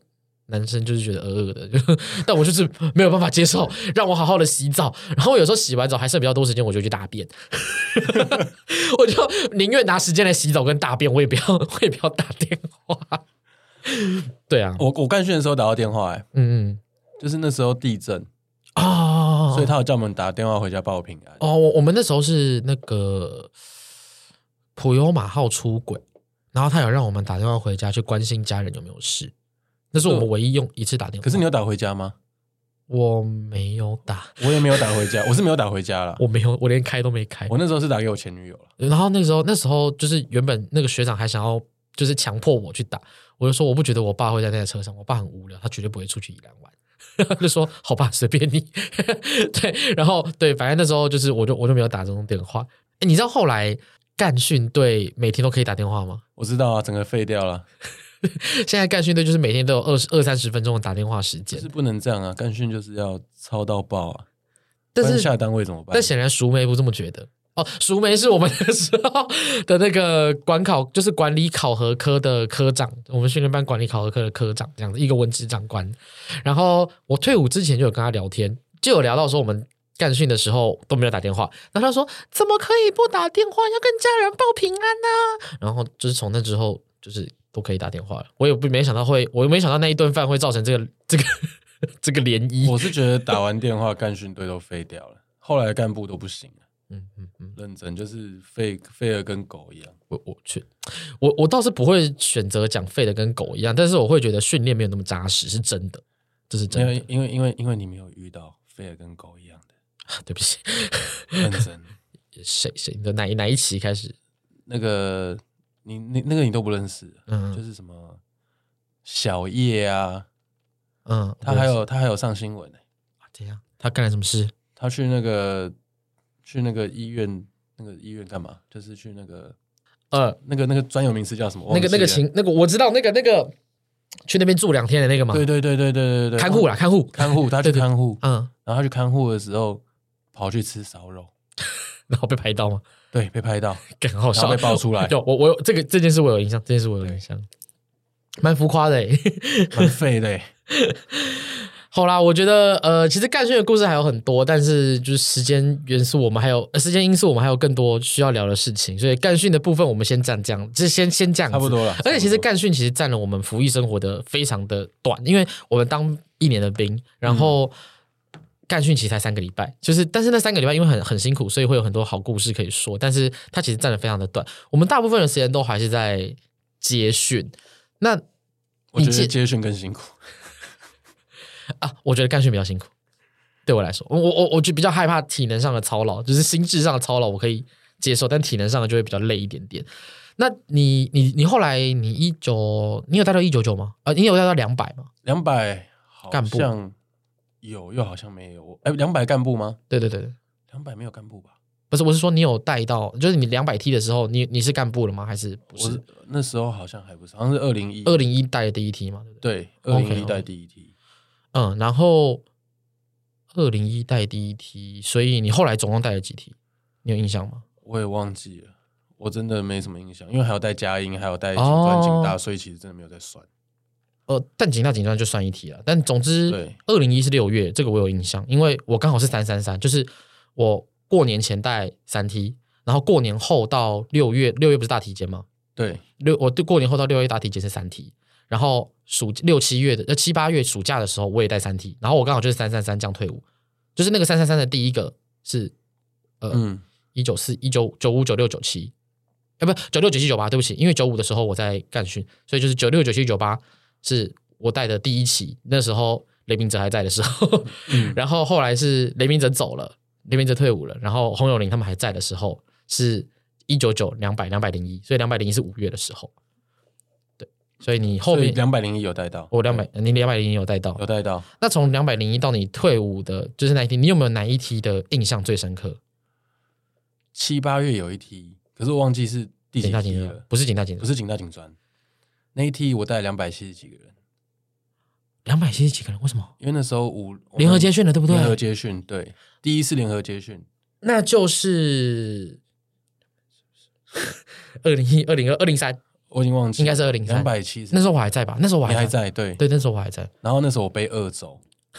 男生就是覺得呃呃的，但我就是沒有辦法接受。讓我好好的洗澡，然後有時候洗完澡還剩比較多時間，我就去大便。 我就寧願拿時間來洗澡跟大便，我也不要，我也不要打電話。對啊，我我幹訓的時候打過電話，欸，嗯，嗯，就是那時候地震啊，哦哦哦哦哦，所以他有叫我們打電話回家報平安。哦我，我們那時候是那個普悠瑪號出軌，然後他有讓我們打電話回家去關心家人有沒有事。那是我們唯一用一次打電話。可是你有打回家嗎？我沒有打，我也沒有打回家。我是沒有打回家啦。 我沒有，我連開都沒開。我那時候是打給我前女友啦。然後那個時候，那時候就是原本那個學長還想要，就是強迫我去打，我就說我不覺得我爸會在那台車上。我爸很無聊，他絕對不會出去宜蘭玩。 就說好吧，隨便你。 對，然後對，反正那時候就是我就我就沒有打這種電話。哎、欸，你知道後來幹訓隊每天都可以打電話嗎？我知道啊，整個廢掉了。 現在幹訓隊就是每天都有二十二三十分鐘的打電話時間，但是不能這樣啊！幹訓就是要操到爆啊！但是下單位怎麼辦？但顯然熟梅不這麼覺得哦。熟梅是我們那時候的那個管考，就是管理考核科的科長。我們訓練班管理考核科的科長，這樣子一個文職長官。然後我退伍之前就有跟他聊天，就有聊到說我們幹訓的時候都沒有打電話。那他說怎麼可以不打電話？要跟家人報平安呢、啊？然後就是從那之後就是。都可以打電話了，我也不沒想到會，我又沒想到那一頓飯會造成這個這個 這個漣漪。我是覺得打完電話，幹訓隊都廢掉了， 後來幹部都不行了。嗯嗯嗯，認真就是廢廢了，跟狗一樣。我我去，我我，我倒是不會選擇講廢的跟狗一樣，但是我會覺得訓練沒有那麼扎實，是真的，這是真的、的，因為因為因為因為你沒有遇到廢的跟狗一樣的， 對不起， 認真。誰誰的哪一哪一期開始？那個。你你那，那個你都不認識，嗯，嗯，就是什麼小葉啊，嗯，他還有他還有上新聞呢、欸，怎、啊、樣他幹了什麼事？他去那個去那個醫院，那個醫院幹嘛？就是去那個呃、嗯啊，那個那個專有名詞叫什麼？那個那個情那個我知道，那個那個去那邊住兩天的那個嘛，對對對對對對對，看護啦，啊、看護 看護，他去看護，嗯，然後他去看護的時候跑去吃燒肉， 然後被拍到嗎？對，被拍到， 然後被爆出來。有，有我，我有這個這件事，我有印象。這件事我有印象，蠻浮誇的、欸， 蠻廢的、欸。 好啦，我覺得呃，其實幹訓的故事還有很多，但是就是時間元素，我們還有時間因素，我們還有更多需要聊的事情，所以幹訓的部分我們先占這樣，就先先這樣，差不多了。而且其實幹訓其實占了我們服役生活的非常的短，因為我們當一年的兵，然後、嗯。幹訓期才三個禮拜，就是，但是那三個禮拜因為很很辛苦，所以會有很多好故事可以說。但是它其實佔得非常的短，我們大部分的時間都還是在接訓。那你我覺得接訓更辛苦？ 啊，我覺得幹訓比較辛苦，對我來說，我我我就比較害怕體能上的操勞，就是心智上的操勞我可以接受，但體能上的就會比較累一點點。那你你你後來你一九你有帶到一九九嗎？啊、呃，你有帶到兩百嗎？兩百好像幹部。有，又好像沒有。哎、欸，兩百幹部嗎？對對對，兩百沒有幹部吧？不是，我是說你有帶到，就是你兩百 T 的時候，你你是幹部了嗎？還是不是，是？那時候好像還不是，好像是二零一二零一帶的第一 T 嘛？對不對，二零一帶第一 T。Okay, okay. 嗯，然後二零一帶第一 T，所以你後來總共帶了幾 T？你有印象嗎？我也忘記了，我真的沒什麼印象，因為還有帶佳音，還有帶金磚金大，所以其實真的沒有在算。呃，但緊張緊張就算一題了。但總之201，對，二零一是六月，這個我有印象，因為我剛好是三三三，就是我過年前帶三 T，然後過年後到六月，六月不是大體檢嘛，對，六我對過年後到六月大體檢是三 T，然後暑六七月的呃七八月暑假的時候我也帶三 T，然後我剛好就是三三三這樣退伍，就是那個三三三的第一個是呃一九四一九九五九六九七，啊、嗯，194, 195, 95, 96, 97, 欸、不9九六九七九八，96, 97, 98, 對不起，因為九五的時候我在幹訓，所以就是九六九七九八。是我帶的第一期，那時候雷明哲還在的時候，嗯、然後後來是雷明哲走了，雷明哲退伍了，然後洪友林他們還在的時候，是一九九兩百兩百零一，所以兩百零一是五月的時候，對，所以你後面兩百零一有帶到，我兩百，你兩百零一有帶到，有帶到。那從兩百零一到你退伍的，就是那一梯，你有沒有哪一梯的印象最深刻？七八月有一梯，可是我忘記是第幾梯了，警大警專，不是警大警專，不是警大警專。那一天我帶兩百七十幾個人，兩百七十幾個人，為什麼？因為那時候我聯合接訓了，對不對？聯合接訓，對，第一次聯合接訓，那就是 二零一、二零二、二零三，我已經忘記，應該是二零三，兩百七十，那時候我還在吧？那時候我還在，還在，對，對，那時候我還在。然後那時候我背二周，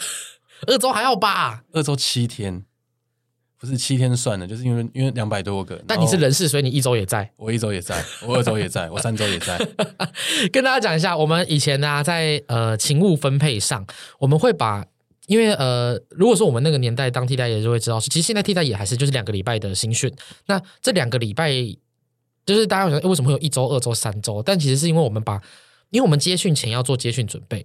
二周還要八，二周七天。不是七天算的，就是因為因為兩百多個。但你是人事，所以你一周也在，我一周也在，我二周也在， 我三周也在。 跟大家講一下，我們以前呢、啊，在呃勤務分配上，我們會把，因為呃，如果說我們那個年代當替代也就會知道，是其實現在替代也還是就是兩個禮拜的新訓。那這兩個禮拜就是大家會想、欸，為什麼會有一周、二周、三周？但其實是因為我們把，因為我們接訓前要做接訓準備。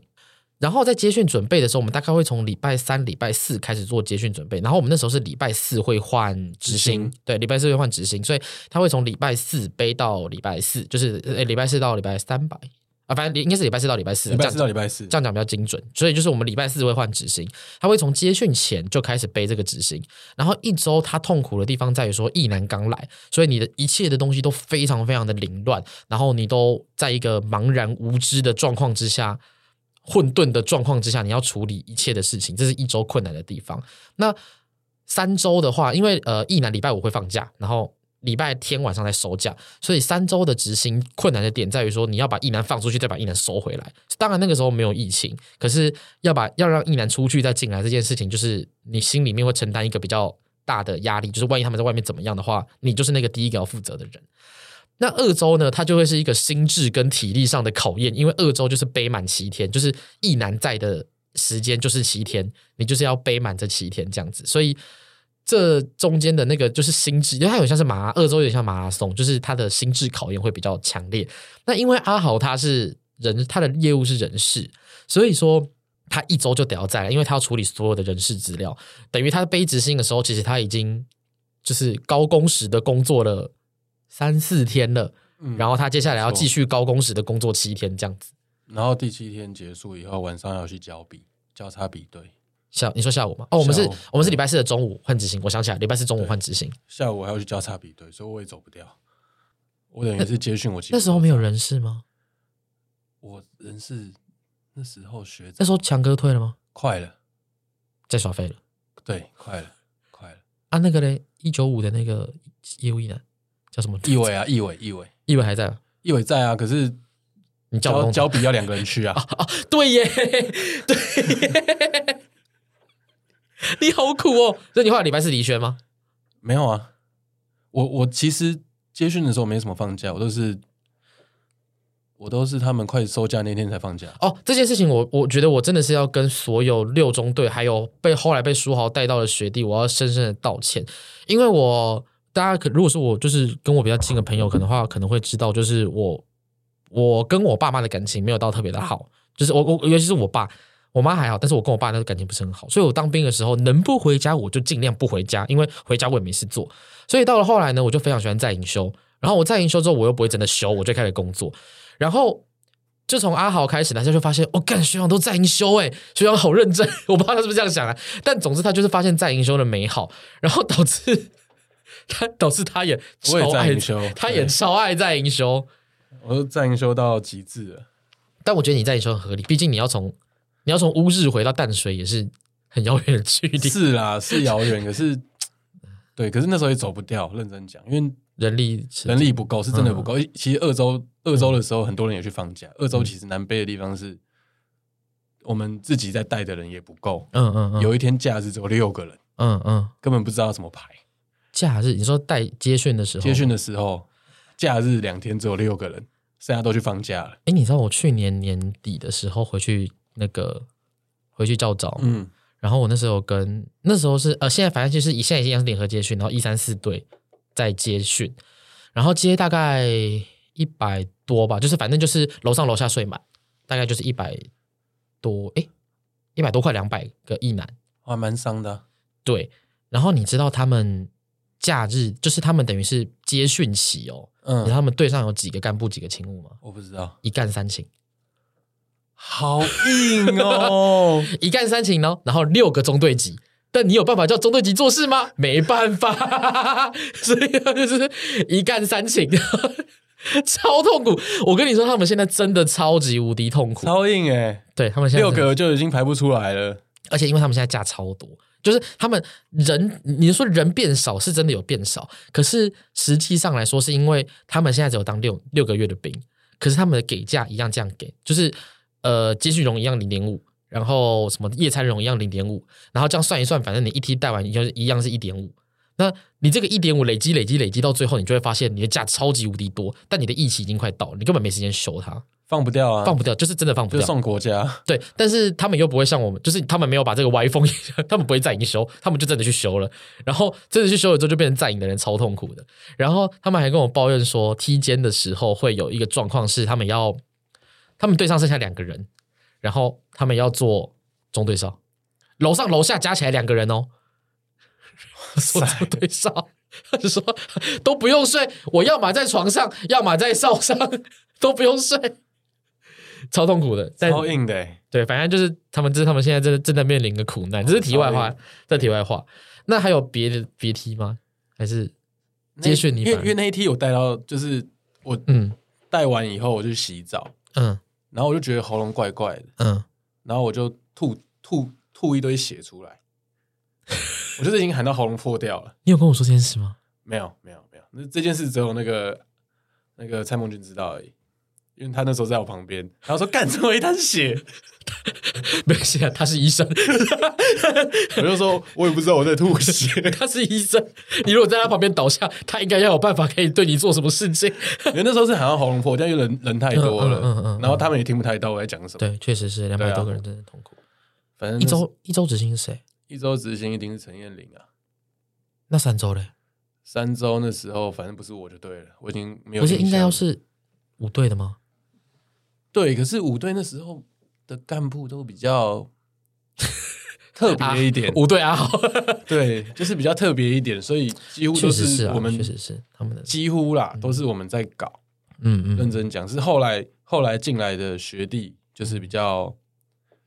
然後在接訓準備的時候，我們大概會從禮拜三、禮拜四開始做接訓準備。然後我們那時候是禮拜四會換值星，嗯、對，禮拜四會換值星，所以他會從禮拜四背到禮拜四，就是呃、欸，禮拜四到禮拜三吧。啊，反正應該是禮拜四到禮拜四，禮拜四到禮拜四這樣，講這樣講比較精準。所以就是我們禮拜四會換值星，他會從接訓前就開始背這個值星。然後一周他痛苦的地方在於說，役男剛來，所以你的一切的東西都非常非常的凌亂，然後你都在一個茫然無知的狀況之下。混沌的狀況之下，你要處理一切的事情，這是一周困難的地方。那三周的話，因為呃，役男禮拜五會放假，然後禮拜天晚上再收假，所以三周的執行困難的點在於說，你要把役男放出去，再把役男收回來。當然那個時候沒有疫情，可是要把要讓役男出去再進來這件事情，就是你心裡面會承擔一個比較大的壓力，就是萬一他們在外面怎麼樣的話，你就是那個第一個要負責的人。那二周呢，它就會是一個心智跟體力上的考驗，因為二周就是背滿七天，就是役男在的時間就是七天，你就是要背滿這七天這樣子，所以這中間的那個就是心智，因為它很像是馬，二周有點像馬拉松，就是他的心智考驗會比較強烈。那因為阿豪他是人，他的業務是人事，所以說他一周就得要在，因為他要處理所有的人事資料，等於他背值星的時候，其實他已經就是高工時的工作了。三四天了、嗯，然後他接下來要繼續高工時的工作七天這樣子，然後第七天結束以後、哦、晚上要去交比交叉比對。下你說下午嗎？哦，我們是、嗯、我們是禮拜四的中午換執行，我想起來禮拜四中午換執行，下午還要去交叉比對，所以我也走不掉。我等於是接訓，我那,那時候沒有人事嗎？我人事那時候學，那時候強哥退了嗎？快了，在耍廢了，對，快了，快了。啊，那個嘞，一九五的那個役男呢叫什麼？易偉啊，易偉，易偉，易偉還在嗎？易偉在啊，可是你交交筆要兩個人去啊， 啊！啊，對耶，對耶， 你好苦哦。所以你後來禮拜四離學嗎？沒有啊，我我其實接訓的時候沒什麼放假，我都是我都是他們快收假那天才放假。哦，這件事情我我覺得我真的是要跟所有六中隊還有被後來被書豪帶到的學弟我要深深的道歉，因為我。大家可，如果說我就是跟我比較親的朋友，可能的話可能會知道，就是我我跟我爸媽的感情沒有到特別的好，就是我我尤其是我爸，我媽還好，但是我跟我爸那個感情不是很好，所以我當兵的時候能不回家我就盡量不回家，因為回家我也沒事做。所以到了後來呢，我就非常喜歡在營休，然後我在營休之後我又不會真的休，我就開始工作，然後就從阿豪開始了，大家就發現我幹、哦、學長都在營休誒，學長好認真，我不知道他是不是這樣想啊，但總之他就是發現在營休的美好，然後導致。他都是他也，超愛在營修，他也超愛在營修，我說在營修到極緻了。但我覺得你在營修很合理，畢竟你要從你要從烏日回到淡水也是很遙遠的距離。是啦，是遙遠，可是 對，可是那時候也走不掉。認真講，因為人力、嗯、人力不夠是真的不夠。其實鄂州鄂州的時候，很多人也去放假。鄂、嗯、州其實南北的地方是，我們自己在帶的人也不夠。嗯嗯嗯，有一天假日只有六個人，嗯嗯，根本不知道怎麼排。假日，你說帶接訓的時候，接訓的時候，假日兩天只有六個人，剩下都去放假了。哎，你知道我去年年底的時候回去那個回去教召，嗯，然後我那時候跟那時候是呃，現在反正就是現在已經聯合接訓，然後一三四隊在接訓，然後接大概一百多吧，就是反正就是樓上樓下睡滿，大概就是一百多，哎，一百多塊兩百個一男，哇、啊，蠻傷的、啊。對，然後你知道他們。假日就是他們等於是接訓期哦、喔，嗯，他們隊上有幾個幹部幾個勤務嗎？我不知道，一幹三勤，好硬哦、喔， 一幹三勤哦、喔，然後六個中隊級，但你有辦法叫中隊級做事嗎？沒辦法， 所以就是一幹三勤， 超痛苦。我跟你說，他們現在真的超級無敵痛苦，超硬哎、欸，對，他們現在六個就已經排不出來了，而且因為他們現在假超多。就是他們人，你說人變少是真的有變少，可是實際上來說，是因為他們現在只有當六六個月的兵，可是他們的給假一樣這樣給，就是呃接續榮一樣零點五，然後什麼夜餐榮一樣零點五，然後這樣算一算，反正你一梯帶完，一樣一樣是一點五，那你這個一點五累積累積累積，累積到最後，你就會發現你的假超級無敵多，但你的役期已經快到了，你根本沒時間休它。放不掉啊！放不掉，就是真的放不掉。就是、送國家對，但是他們又不會像我們，就是他們沒有把這個歪風， 他們不會在營修，他們就真的去修了。然後真的去修了之後，就變成在營的人超痛苦的。然後他們還跟我抱怨說，梯間的時候會有一個狀況是，他們要他們隊上剩下兩個人，然後他們要做中隊哨，樓上樓下加起來兩個人哦。做 中隊。哨，說 都不用睡，我要嘛在床上，要麼在哨上，都不用睡。超痛苦的，超硬的。欸，對，反正就是他們，就是他們現在正正在面臨的苦難。哦、這是題外話，這題外話。那還有別的別梯嗎？還是接續你來？因為因為那一梯我帶到，就是我，嗯，帶完以後我就洗澡，嗯，然後我就覺得喉嚨怪怪的，嗯，然後我就吐吐吐一堆血出來， 我就是已經喊到喉嚨破掉了。你有跟我說這件事嗎？沒有，沒有，沒有。那這件事只有那個那個蔡夢君知道而已。因為他那時候在我旁邊，然後說：“幹，怎麼一灘血，沒事啊，他是醫生。 ”我就說：“我也不知道我在吐血。 ”他是醫生，你如果在他旁邊倒下，他應該要有辦法可以對你做什麼事情。 因為那時候是好像喉嚨破掉，因為人人太多了，嗯嗯嗯嗯，然後他們也聽不太到我在講什麼。對，確實是兩百多個人真的痛苦。反正一周一周執行是誰？一周執行一定是陳彥霖啊。那三周呢？三周那時候反正不是我就對了，我已經沒有。不是應該要是五隊的嗎？對，可是五隊那時候的幹部都比較特別一點，五隊阿豪，對， 就是比較特別一點，所以幾乎就是我們確實是，確實是他們的幾乎啦、嗯，都是我們在搞，嗯，嗯，認真講是後來後來進來的學弟就是比較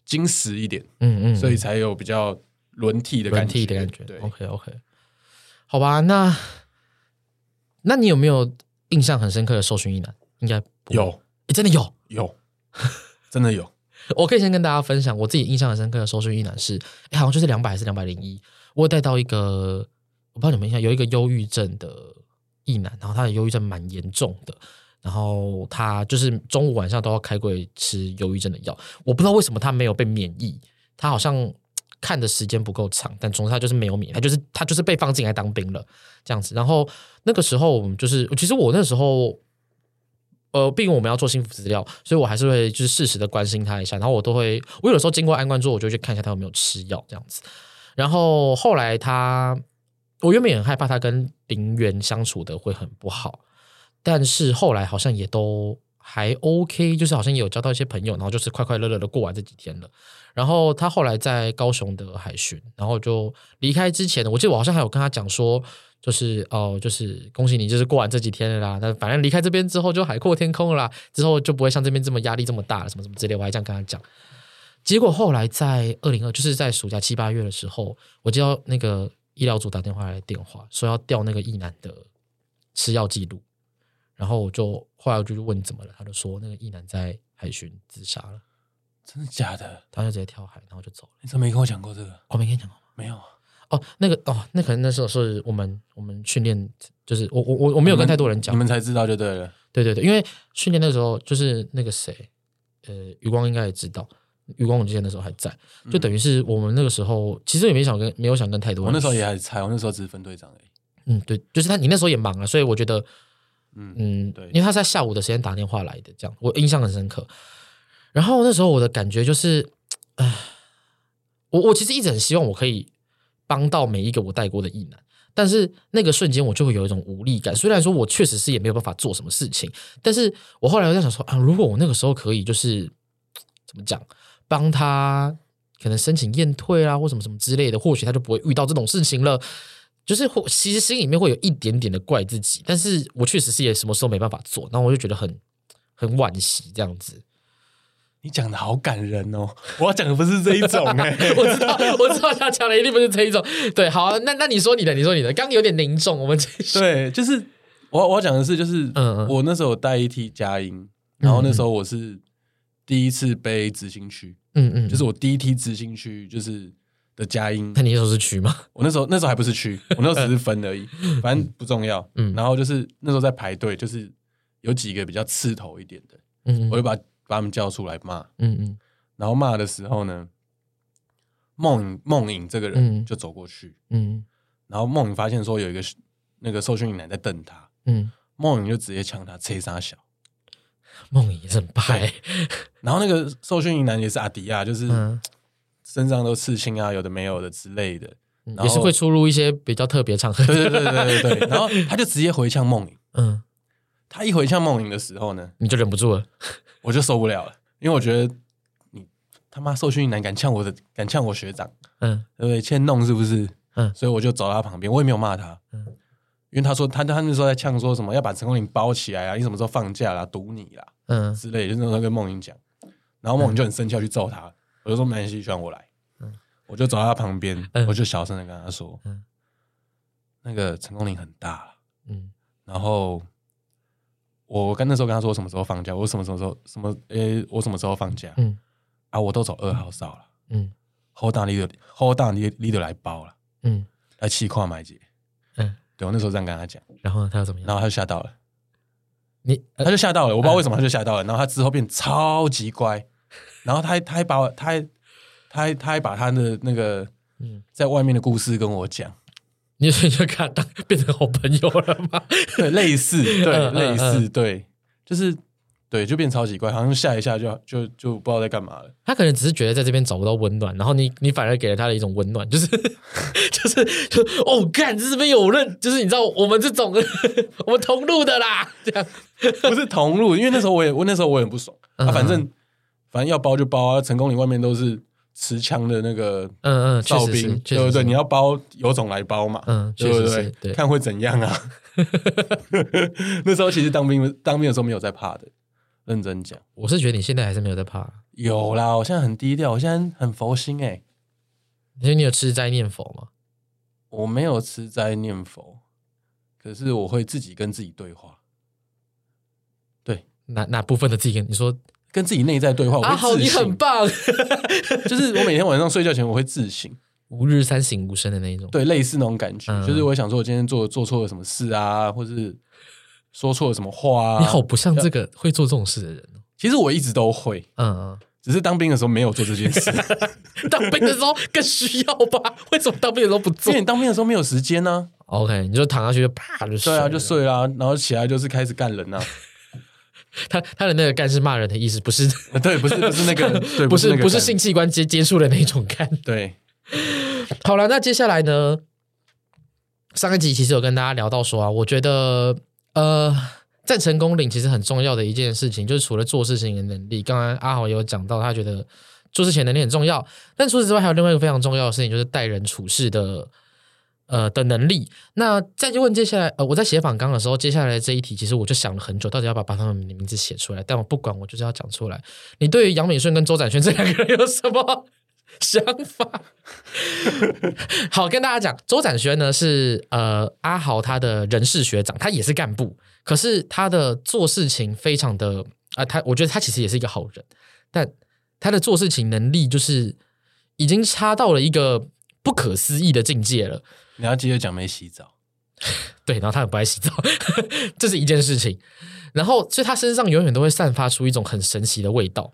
精實一點，嗯嗯，嗯，所以才有比較輪替的感覺，輪替的感覺，對，OK OK，好吧，那那你有沒有印象很深刻的受訓一男？應該有、欸，真的有。有，真的有。 我可以先跟大家分享我自己印象很深刻的收訓役男是，欸，好像就是兩百還是兩百零一。我帶到一個，我不知道你們印象有一個憂鬱症的役男，然後他的憂鬱症蠻嚴重的，然後他就是中午晚上都要開櫃吃憂鬱症的藥。我不知道為什麼他沒有被免役，他好像看的時間不夠長，但總之他就是沒有免，他就是他就是被放進來當兵了這樣子。然後那個時候就是，其實我那時候。呃，並我們要做幸福資料，所以我還是會就是適時的關心他一下。然後我都會，我有時候經過安官之後，我就去看一下他有沒有吃藥這樣子。然後後來他，我原本也很害怕他跟林園相處的會很不好，但是後來好像也都還 OK，就是好像也有交到一些朋友，然後就是快快樂樂的過完這幾天了。然後他後來在高雄的海巡，然後就離開之前，我記得我好像還有跟他講說。就是哦，就是恭喜你，就是過完這幾天了啦。那反正離開這邊之後就海闊天空了啦，之後就不會像這邊這麼壓力這麼大了，什麼什麼之類。我還這樣跟他講。結果後來在二零二，就是在暑假七八月的時候，我接到那個醫療組打電話來電話，說要調那個易南的吃藥記錄。然後我就後來我就問怎麼了，他就說那個易南在海巡自殺了。真的假的？他就直接跳海，然後就走了。你怎麼沒跟我講過這個？我、哦、沒跟你講過？沒有啊。哦，那個哦，那可能那時候是我們我們訓練，就是我我我我沒有跟太多人講，你們才知道就對了。對對對，因為訓練那時候就是那個誰，呃，余光應該也知道，余光我之前那時候還在，就等於是我們那個時候其實也沒想跟，沒有想跟太多人。我那時候也還才，我那時候只是分隊長而已欸。嗯，對，就是他，你那時候也忙啊，所以我覺得，嗯，嗯對，因為他是在下午的時間打電話來的，這樣我印象很深刻。然後那時候我的感覺就是，唉，我我其實一直很希望我可以。幫到每一個我帶過的役男，但是那個瞬間我就會有一種無力感。雖然說，我確實是也沒有辦法做什麼事情，但是我後來我在想說啊，如果我那個時候可以，就是怎麼講，幫他可能申請驗退啊，或什麼什麼之類的，或許他就不會遇到這種事情了。就是，或其實心裡面會有一點點的怪自己，但是我確實是也什麼時候沒辦法做，然後我就覺得很很惋惜這樣子。你講得好感人哦、喔！我要講的不是這一種、欸、 我知道，我知道他講的一定不是這一種。對，好、啊，那那你說你的，你說你的，剛有點凝重，我們這對，就是我我要講的是，就是、嗯、我那時候帶一梯嘉音，然後那時候我是第一次背執行區，嗯，嗯，就是我第一梯執行區就是的嘉音。那你那時候是區嗎？我那時候那時候還不是區，我那時候只是分而已，嗯、反正不重要。嗯，然後就是那時候在排隊，就是有幾個比較刺頭一點的，嗯，嗯，我就把。把他們叫出來罵、嗯，然後罵的時候呢，夢影夢影這個人就走過去，嗯嗯、然後夢影發現說有一個那個受訓員男在瞪他，嗯，夢影就直接嗆他，吹沙小，夢影真白，然後那個受訓員男也是阿迪亞、啊，就是身上都刺青啊，有的沒有的之類的，嗯、也是會出入一些比較特別的場合，對對對對對，對，對， 然後他就直接回嗆夢影，嗯他一回嗆夢瑩的時候呢，你就忍不住了， 我就受不了了，因為我覺得你他媽受訓男敢嗆我的，敢嗆我學長，嗯，對不對？欠弄是不是？嗯，所以我就走到他旁邊，我也沒有罵他，嗯，因為他說他他那時候在嗆說什麼要把成功林包起來啊，你什麼時候放假啦？賭你啦，嗯，之類的，就是那時候跟夢瑩講，然後夢瑩就很生氣，去揍他，我就說沒關係，讓我來，嗯，我就走到他旁邊、嗯，我就小聲的跟他說，嗯，那個成功林很大，嗯，然後。我跟那時候跟他說，我什麼時候放假？我什麼什麼時候什麼？誒、欸，我什麼時候放假？嗯，啊，我都走二號哨了，嗯，Hold down leader，Hold down leader 來包了，嗯，來七跨買幾？嗯，對我那時候這樣跟他講、嗯，然後他要怎麼樣？然後他就嚇到了，你他就嚇到了，我不知道為什麼他就嚇到了，然後他之後變超級乖，嗯、然後他還他還把我，他還他還他還把他的那個在外面的故事跟我講。你所以就看到變成好朋友了嗎？對， 類似，對，嗯、類似、嗯嗯，對，就是，對，就變超級怪，好像嚇一下就就就不知道在幹嘛了。他可能只是覺得在這邊找不到溫暖，然後你你反而給了他的一種溫暖，就是就是就哦，幹，這邊有人，就是你知道我們這種我們同路的啦，這樣不是同路，因為那時候我也我那時候我也很不爽，嗯啊、反正反正要包就包啊，成功嶺外面都是。持槍的那個嗯，嗯嗯，哨兵，對不對？你要包有種來包嘛，嗯，對不對？對看會怎樣啊？ 那時候其實當兵，當兵的時候沒有在怕的，認真講，我是覺得你現在還是沒有在怕。有啦，我現在很低調，我現在很佛心哎、欸。你說你有吃齋念佛嗎？我沒有吃齋念佛，可是我會自己跟自己對話。對，哪哪部分的自己？跟，你說。跟自己內在對話，我、啊、好你很棒， 就是我每天晚上睡覺前我會自省，吾日三省吾身的那一種，對，類似那種感覺、嗯，就是我想說，我今天做做錯了什麼事啊，或者是說錯了什麼話啊。你好，不像這個這會做這種事的人。其實我一直都會，嗯、啊，只是當兵的時候沒有做這件事。 當兵的時候更需要吧？為什麼當兵的時候不做？因為你當兵的時候沒有時間呢、啊。OK，你就躺下去就啪就睡對啊，就睡啊，然後起來就是開始幹人吶、啊。他他的那個幹是罵人的意思，不是？ 對，不是不是那個，對，不是不是性器官接接觸的那種幹。對，好了，那接下來呢？上一集其實有跟大家聊到說啊，我覺得呃，在成功嶺其實很重要的一件事情，就是除了做事情的能力，剛剛阿豪也有講到，他覺得做事情能力很重要。但除此之外，還有另外一個非常重要的事情，就是待人處事的。呃的能力，那再就問接下來呃，我在寫訪綱的時候，接下來這一題其實我就想了很久，到底要不要把他們的名字寫出來，但我不管，我就是要講出來。你對於楊敏順跟周展軒這兩個人有什麼想法？ 好，跟大家講，周展軒呢是呃阿豪他的人事學長，他也是幹部，可是他的做事情非常的啊、呃，他我覺得他其實也是一個好人，但他的做事情能力就是已經差到了一個不可思議的境界了。然後他就講沒洗澡， 對，然後他很不愛洗澡，這 是一件事情。然後所以他身上永遠都會散發出一種很神奇的味道。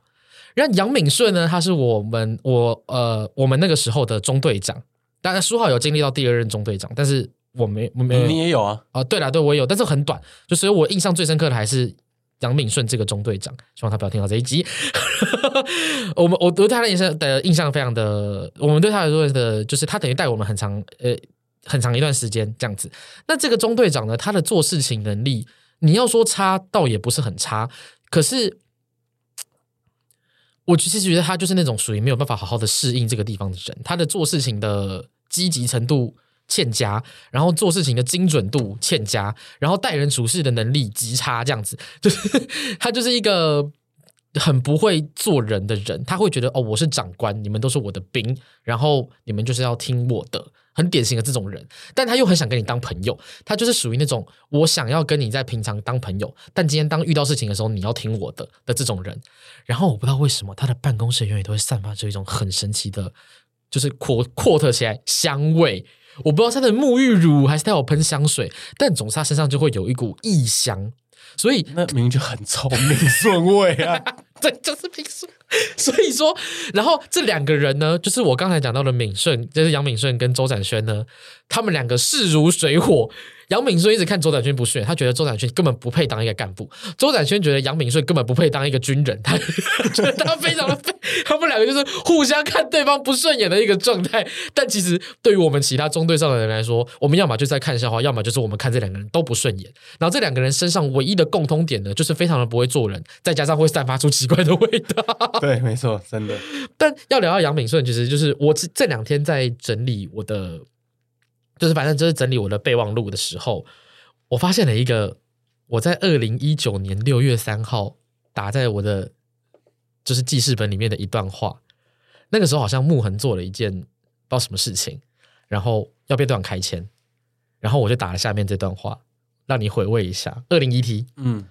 然後楊敏順呢，他是我們我呃我們那個時候的中隊長。當然書豪有經歷到第二任中隊長，但是我沒我沒有你也有啊啊、呃、對了對我也有，但是很短。就所以我印象最深刻的還是楊敏順這個中隊長。希望他不要聽到這一集。 我們我我對他的印象的印象非常的，我們對他來說的就是他等於帶我們很長呃。很長一段時間這樣子，那這個中隊長呢？他的做事情能力，你要說差，倒也不是很差。可是，我其是覺得他就是那種屬於沒有辦法好好的適應這個地方的人。他的做事情的積極程度欠佳，然後做事情的精準度欠佳，然後待人處事的能力極差，這樣子就是呵呵他就是一個。很不會做人的人，他會覺得哦，我是長官，你們都是我的兵，然後你們就是要聽我的。很典型的這種人，但他又很想跟你當朋友，他就是屬於那種我想要跟你在平常當朋友，但今天當遇到事情的時候，你要聽我的的這種人。然後我不知道為什麼他的辦公室永遠都會散發出一種很神奇的，就是擴擴特起來香味。我不知道他的沐浴乳還是他有噴香水，但總是他身上就會有一股異香。所以那明明就很聰明 順位啊。這就是平順。所以說，然後這兩個人呢，就是我剛才講到的敏順，就是楊敏順跟周展軒呢，他們兩個勢如水火。楊敏順一直看周展軒不順眼，他覺得周展軒根本不配當一個幹部；周展軒覺得楊敏順根本不配當一個軍人。他覺得他非常的， 他們兩個就是互相看對方不順眼的一個狀態。但其實對於我們其他中隊上的人來說，我們要麼就在看笑話，要麼就是我們看這兩個人都不順眼。然後這兩個人身上唯一的共通點呢，就是非常的不會做人，再加上會散發出奇怪的味道。對，沒錯，真的。但要聊到楊敏順，其實就是我這這兩天在整理我的，就是反正就是整理我的備忘錄的時候，我發現了一個我在二零一九年六月三號打在我的就是記事本裡面的一段話。那個時候好像穆恆做了一件不知道什麼事情，然後要被斷開籤，然後我就打了下面這段話，讓你回味一下。二零一七，嗯。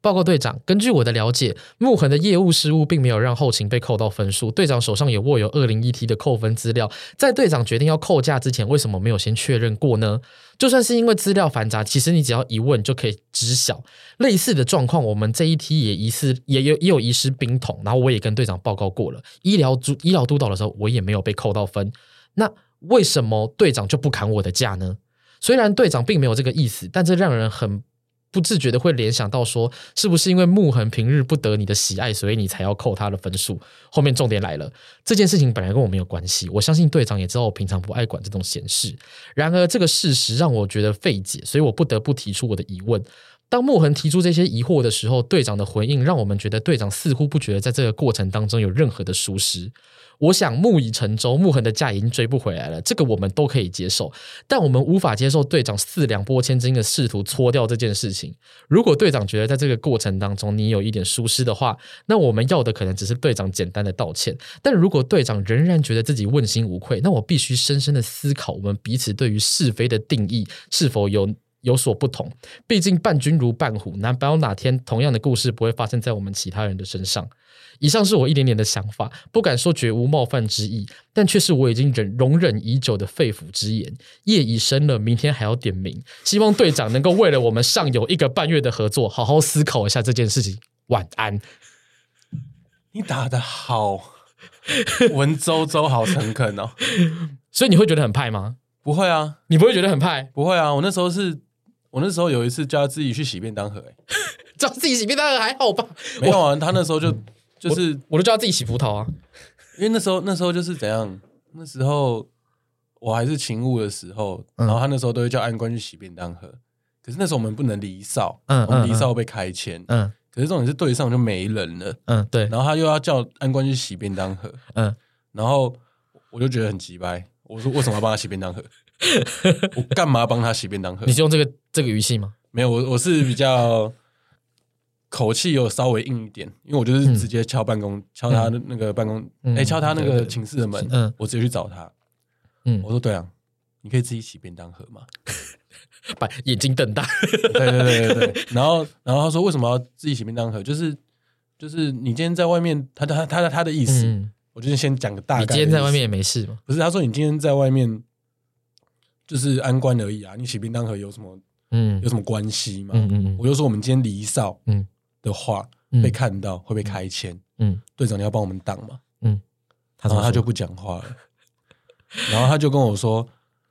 報告隊長，根據我的了解，木恆的業務失誤並沒有讓後勤被扣到分數。隊長手上也握有二零一梯的扣分資料，在隊長決定要扣假之前，為什麼沒有先確認過呢？就算是因為資料繁雜，其實你只要一問就可以知曉。類似的狀況，我們這一梯也疑似，也有也有遺失冰桶，然後我也跟隊長報告過了。醫療督醫療督導的時候，我也沒有被扣到分，那為什麼隊長就不砍我的假呢？雖然隊長並沒有這個意思，但這讓人很。不自覺的會聯想到說，是不是因為木恆平日不得你的喜愛，所以你才要扣他的分數？後面重點來了，這件事情本來跟我沒有關係，我相信隊長也知道我平常不愛管這種閒事。然而這個事實讓我覺得費解，所以我不得不提出我的疑問。當木恆提出這些疑惑的時候，隊長的回應讓我們覺得隊長似乎不覺得在這個過程當中有任何的疏失。我想木已成舟，木恆的假已經追不回來了，這個我們都可以接受。但我們無法接受隊長四兩撥千斤的試圖搓掉這件事情。如果隊長覺得在這個過程當中你有一點疏失的話，那我們要的可能只是隊長簡單的道歉。但如果隊長仍然覺得自己問心無愧，那我必須深深的思考我們彼此對於是非的定義是否有有所不同，畢竟伴君如伴虎，難保哪天同樣的故事不會發生在我們其他人的身上。以上是我一點點的想法，不敢說絕無冒犯之意，但卻是我已經忍容忍已久的肺腑之言。夜已深了，明天還要點名，希望隊長能夠為了我們尚有一個半月的合作，好好思考一下這件事情。晚安。你打得好，文縐縐好誠懇哦， 所以你會覺得很派嗎？不會啊，你不會覺得很派？不會啊，我那時候是。我那時候有一次叫他自己去洗便當盒，叫他自己洗便當盒還好吧？沒有啊，他那時候就就是，我都叫他自己洗葡萄啊。因為那時候那時候就是怎樣，那時候我還是勤務的時候，然後他那時候都會叫安官去洗便當盒。嗯，可是那時候我們不能離哨，嗯，我們離哨被開簽，嗯，可是重點是對上就沒人了，嗯，對。然後他又要叫安官去洗便當盒，嗯，然後我就覺得很奇怪，我說為什麼要幫他洗便當盒？ 我幹嘛幫他洗便當盒？ 你就用這個？這個語氣嗎？沒有，我我是比較口氣有稍微硬一點，因為我就是直接敲辦公、嗯、敲他那個辦公、嗯，哎，敲他那個寢室的門，嗯、我直接去找他。嗯，我說對啊，你可以自己洗便當盒嘛， 把眼睛瞪大，對，對對對對。 然後然後他說，為什麼要自己洗便當盒？就是就是你今天在外面，他他他的他的意思，嗯、我就是先講個大概。你今天在外面也沒事嘛？不是，他說你今天在外面就是安官而已啊，你洗便當盒有什麼？嗯，有什麼關係嗎？嗯嗯，嗯，我就說我們今天離少嗯的話被看到、嗯、會被開簽，嗯，隊長你要幫我們擋嘛，嗯，他說他就不講話了，然後他就跟我說，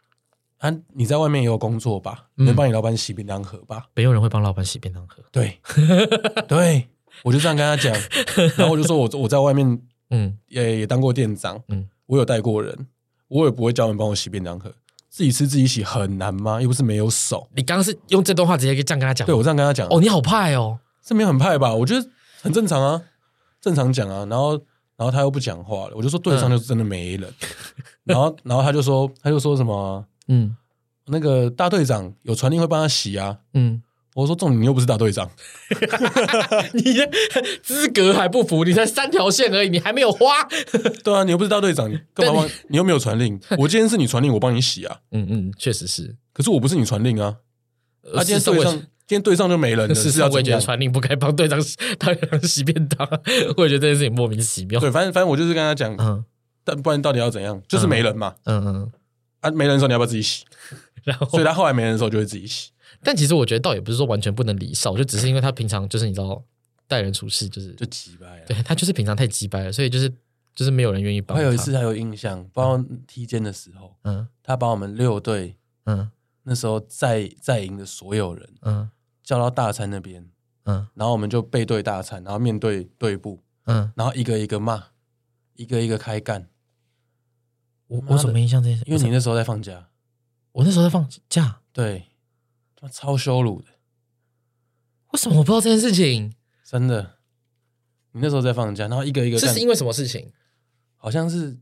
啊，你在外面也有工作吧？能、嗯、幫你老板洗便當盒吧？沒有人會幫老板洗便當盒。對， 對，我就這樣跟他講，然後我就說我我在外面，嗯，也也當過店長，嗯，我有帶過人，我也不會叫人幫我洗便當盒。自己吃自己洗很難嗎？又不是沒有手。你剛剛是用這段話直接就這樣跟他講。對，我這樣跟他講。哦，你好派哦，這邊很派吧？我覺得很正常啊，正常講啊。然後，然後他又不講話了，我就說隊上就真的沒了。嗯。然後，然後他就說他就說什麼啊？嗯，那個大隊長有傳令會幫他洗啊。嗯。我說中，你又不是大隊長， 你資格還不符，你才三條線而已，你還沒有花。 對啊，你又不是大隊長，幹嘛幫你，你又沒有傳令。 我今天是你傳令，我幫你洗啊。嗯嗯，確實是。可是我不是你傳令啊。而、呃啊、今天是我，今天對上就沒人了。是、呃、啊，我也覺得傳令不該幫隊長洗，隊長洗便當。 我也覺得這件事情莫名其妙。對，反正反正我就是跟他講，uh -huh. 但不然到底要怎樣，就是沒人嘛。嗯嗯，啊，沒人的時候你要不要自己洗？ 然後，所以他後來沒人的時候就會自己洗。但其實我覺得倒也不是說完全不能離少，就只是因為他平常就是你知道待人處事，就是就急掰。對，他就是平常太急掰了，所以就是就是沒有人願意幫他。他有一次還有印象，幫踢毽的時候，嗯，他把我們六隊，嗯，那時候在在營的所有人，嗯，叫到大餐那邊，嗯，然後我們就背對大餐，然後面對隊部，嗯，然後一個一個罵，一個一個開幹。我我怎麼沒印象這件事？因為你那時候在放假，我，我那時候在放假，對。超羞辱的！為什麼我不知道這件事情？真的，你那時候在放假，然後一個一個，這是,是因為什麼事情？好像是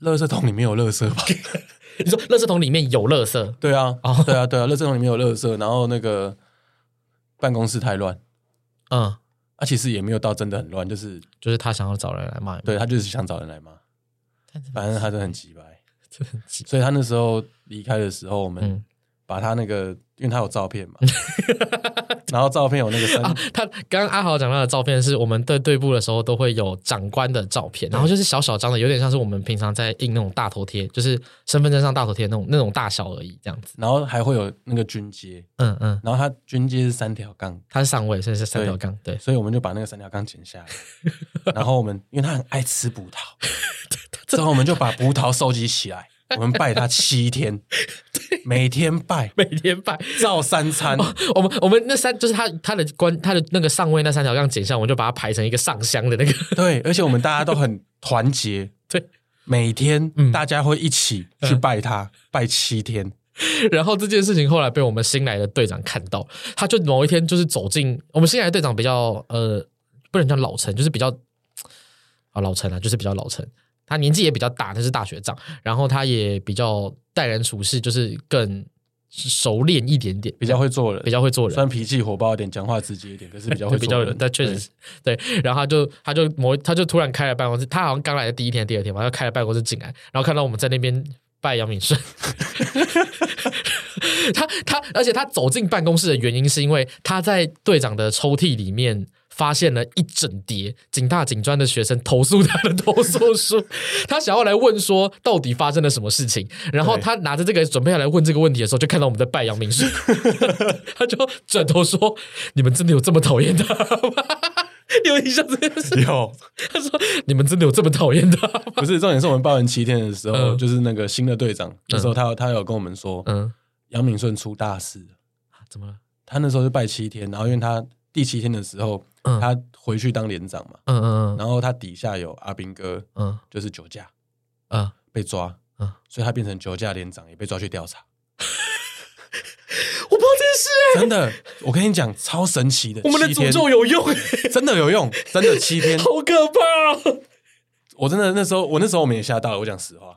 垃圾桶裡面有垃圾吧、okay,？ 你說垃圾桶裡面有垃圾？對啊，對啊，對啊，oh. 垃圾桶裡面有垃圾，然後那個辦公室太亂，嗯、uh,，啊，其實也沒有到真的很亂，就是就是他想要找人來罵，對，他就是想找人來罵，反正他就很奇怪，很機掰 所以，他那時候離開的時候，我們把他那個。因為他有照片嘛， 然後照片有那個三、啊。他剛剛阿豪講到的照片是我們隊隊部的時候都會有長官的照片，然後就是小小張的，有點像是我們平常在印那種大頭貼，就是身份證上大頭貼那種那種大小而已，這樣子。然後還會有那個軍階，嗯嗯，然後他軍階是三條槓，他是上尉，所以是三條槓，對。所以我們就把那個三條槓剪下來， 然後我們因為他很愛吃葡萄， 之後我們就把葡萄收集起來。 我們拜他七天，每天拜， 每天拜，照三餐。哦、我們我們那三就是他他的官，他的那個上尉，那三條，槓，這樣剪下，我們就把他排成一個上香的那個。 對，而且我們大家都很團結， 對，每天大家會一起去拜他、嗯，拜七天。然後這件事情後來被我們新來的隊長看到，他就某一天就是走進我們新來的隊長比較呃不能叫老成，就是比較啊、哦、老成啊，就是比較老成。他年紀也比較大，他是大學長，然後他也比較待人處事，就是更熟練一點點，比較會做人，比較會做人，雖然脾氣火爆一點，講話直接一點，可是比較會做人。但 確實對，對。然後他就他就某他，他就突然開了辦公室，他好像剛來的第一天、第二天嘛，他就開了辦公室進來，然後看到我們在那邊拜楊敏順。 他他，而且他走進辦公室的原因是因為他在隊長的抽屜裡面，發現了一整疊警大警專的學生投訴他的投訴書，他想要來問說到底發生了什麼事情。然後他拿着這個準備要來問這個問題的時候，就看到我們在拜楊明順，他就轉頭說：“你們真的有這麼討厭他嗎？有印象這件事？有。”他說：“你們真的有這麼討厭他？不是重點是我們拜完七天的時候，就是那個新的隊長，那時候他他有跟我們說，嗯，楊明順出大事了，怎麼了？他那時候就拜七天，然後因為他第七天的時候。”嗯、他回去當連長嘛，嗯嗯嗯，然後他底下有阿兵哥，嗯，就是酒駕，嗯，被抓，嗯，所以他變成酒駕連長、嗯、也被抓去調查。我不知道這事、欸，真的，我跟你講超神奇的，我們的詛咒有用、欸，真的有用，真的七天，好可怕、喔！我真的那時候，我那時候我們也嚇到了，我講實話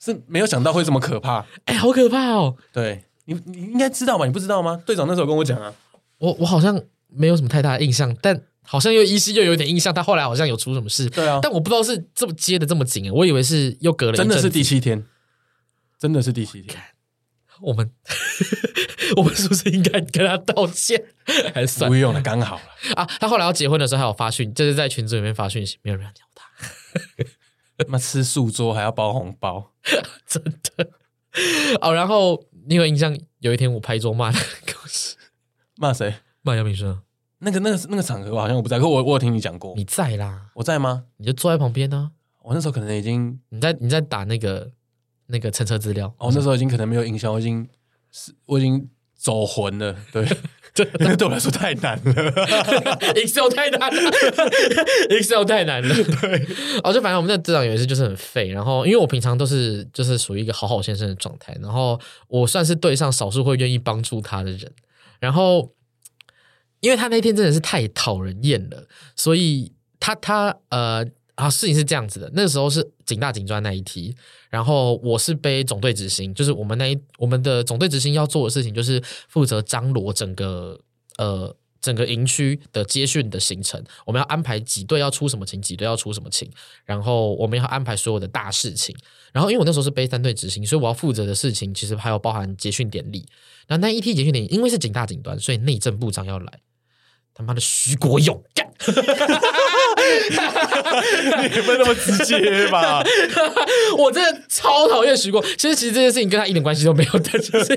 是沒有想到會這麼可怕，哎、欸，好可怕哦、喔！對你你應該知道吧？你不知道嗎？隊長那時候跟我講啊，我我好像。沒有什麼太大的印象，但好像又依稀又有點印象。他後來好像有出什麼事。對啊，但我不知道是這麼接的這麼緊，我以為是又隔了一真的是第七天，真的是第七天。Oh God, 我們 我們是不是應該跟他道歉？還是不用了，剛好啊。他後來要結婚的時候，還有發訊，就是在群組裡面發訊息，沒有人鳥他。那 吃素桌還要包紅包， 真的。哦，然後你有印象，有一天我拍桌罵他的故事，罵誰？麥嘉敏說：“那個、那個、那個場合，好像我不在。可我，我有聽你講過。你在啦？我在嗎？你就坐在旁邊呢、啊。我那時候可能已經你在，你在打那個那個乘車資料。我、哦嗯、那時候已經可能沒有印象，我已經我已經走魂了。對，這那個對我來說太難了，Excel 太難，Excel 太難了。對。 哦，就反正我們的隊長有一次就是很廢。然後，因為我平常都是就是屬於一個好好先生的狀態，然後我算是隊上少數會願意幫助他的人，然後。”因為他那天真的是太討人厭了，所以他他呃啊，事情是這樣子的。那時候是警大警專那一梯，然後我是背總隊執行，就是我們那一我們的總隊執行要做的事情，就是負責張羅整個呃整個營區的接訓的行程，我們要安排幾隊要出什麼勤，幾隊要出什麼勤，然後我們要安排所有的大事情。然後因為我那時候是背三隊執行，所以我要負責的事情其實還有包含接訓典禮。然後那一梯接訓典禮，因為是警大警專，所以內政部長要來。他媽的徐國勇幹！ 你們那麼直接吧？ 我真的超討厭徐國。其實，其實這件事情跟他一點關係都沒有，他就是，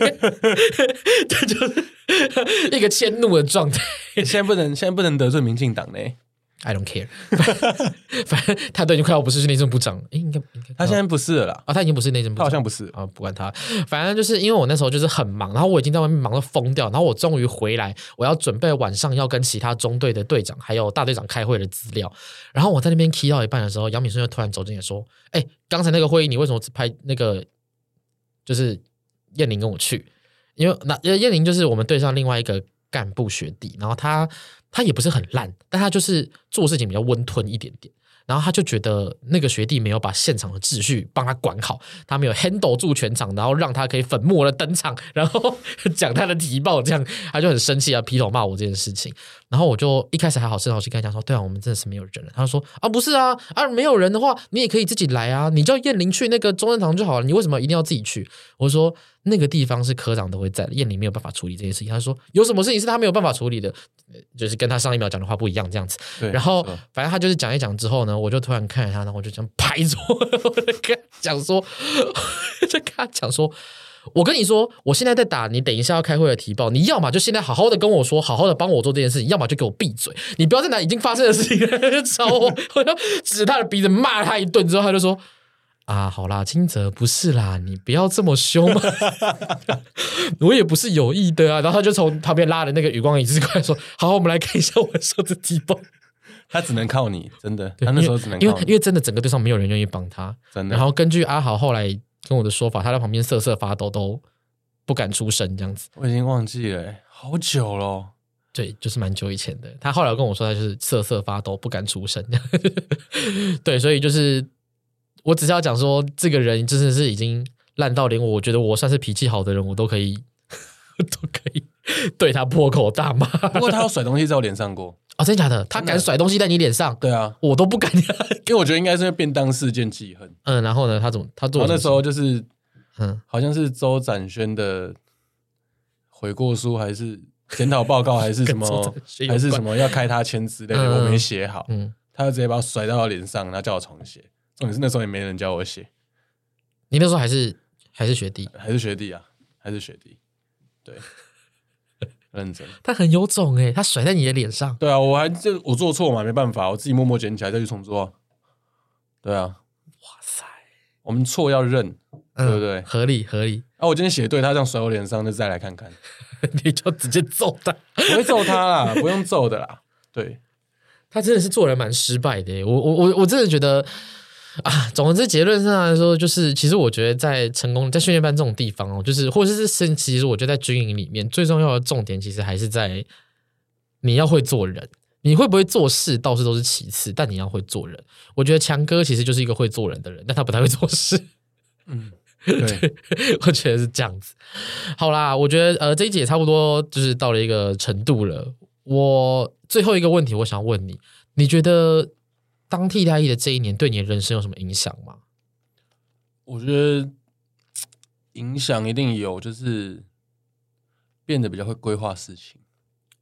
他就是一個遷怒的狀態。現在不能，現在不能得罪民進黨呢。I don't care。 反正他都已經快要不是內政部長了。哎，應該他現在不是了啊、哦？他已經不是內政部長，他好像不是啊、哦。不管他，反正就是因為我那時候就是很忙，然後我已經在外面忙到瘋掉，然後我終於回來，我要準備晚上要跟其他中隊的隊長還有大隊長開會的資料。然後我在那邊 key 到一半的時候，楊敏生就突然走進來說：“哎、欸，剛才那個會議你為什麼只拍那個？就是燕玲跟我去，因為那燕玲就是我們隊上另外一個。”幹部學弟，然後他他也不是很爛，但他就是做事情比較溫吞一點點。然後他就覺得那個學弟沒有把現場的秩序幫他管好，他沒有 handle 住全場，然後讓他可以粉墨的登場，然後講他的提報，這樣他就很生氣啊，劈頭罵我這件事情。然後我就一開始還好，好聲好氣跟他講說，對啊，我們真的是沒有人了。他說啊，不是啊，啊沒有人的話，你也可以自己來啊，你叫燕玲去那個中正堂就好了，你為什麼一定要自己去？我說。那個地方是科長都會在的，燕玲沒有辦法處理這件事情。他說：“有什麼事情是他沒有辦法處理的，就是跟他上一秒講的話不一樣這樣子。”然後反正他就是講一講之後呢，我就突然看着他，然後我就這樣拍桌，我就跟他講說：“我就跟他講說，我跟你說，我現在在打你，等一下要開會的提報，你要麼就現在好好的跟我說，好好的幫我做這件事情，要麼就給我閉嘴，你不要再拿已經發生的事情來找我。”我就指着他的鼻子罵了他一頓，之後他就說。啊，好啦，金澤不是啦，你不要這麼凶嘛。 我也不是有意的啊。然後他就從旁邊拉了那個余光椅子過來，說：“好，我們來看一下我說的低保。”他只能靠你，真的，他那時候只能靠你，因為，因為，因為真的整個隊上沒有人願意幫他，真的。然後根據阿豪後來跟我的說法，他在旁邊瑟瑟發抖，都不敢出聲，這樣子。我已經忘記了，好久了，對，就是蠻久以前的。他後來跟我說，他就是瑟瑟發抖，不敢出聲。 對，所以就是。我只是要講說，這個人真的是已經爛到連我，覺得我算是脾氣好的人，我都可以都可以對他破口大罵。不過他有甩東西在我臉上過啊、哦？真的假的？他敢甩東西在你臉上？對啊，我都不敢，因為我覺得應該是便當事件記恨。嗯，然後呢？他怎麼？他做麼那時候就是，嗯，好像是周展軒的悔過書還是檢討報告還是什麼，還是什麼要開他簽字之類的，嗯，我沒寫好，嗯，他就直接把我甩到我臉上，然後叫我重寫。重點是那時候也沒人教我寫，你那時候還是還是學弟？還是學弟啊，還是學弟。對， 認真。他很有種哎、欸，他甩在你的臉上。對啊，我還就我做錯嘛，沒辦法，我自己默默撿起來再去重做。對啊。哇塞，我們錯要認、嗯，對不對？合理合理。啊，我今天寫對，他這樣甩我臉上，那再來看看。 你就直接揍他，不會揍他啦， 不用揍的啦。對，他真的是做人蠻失敗的耶，我我我我真的覺得。啊，總之結論上來說，就是其實我覺得在成功在訓練班這種地方哦，就是或者是是，其實我覺得在軍營裡面最重要的重點，其實還是在你要會做人。你會不會做事倒是都是其次，但你要會做人。我覺得強哥其實就是一個會做人的人，但他不太會做事。嗯，對， 我覺得是這樣子。好啦，我覺得呃這一集也差不多就是到了一個程度了。我最後一個問題，我想問你，你覺得？當替代役的這一年，對你的人生有什麼影響嗎？我覺得影響一定有，就是變得比較會規劃事情。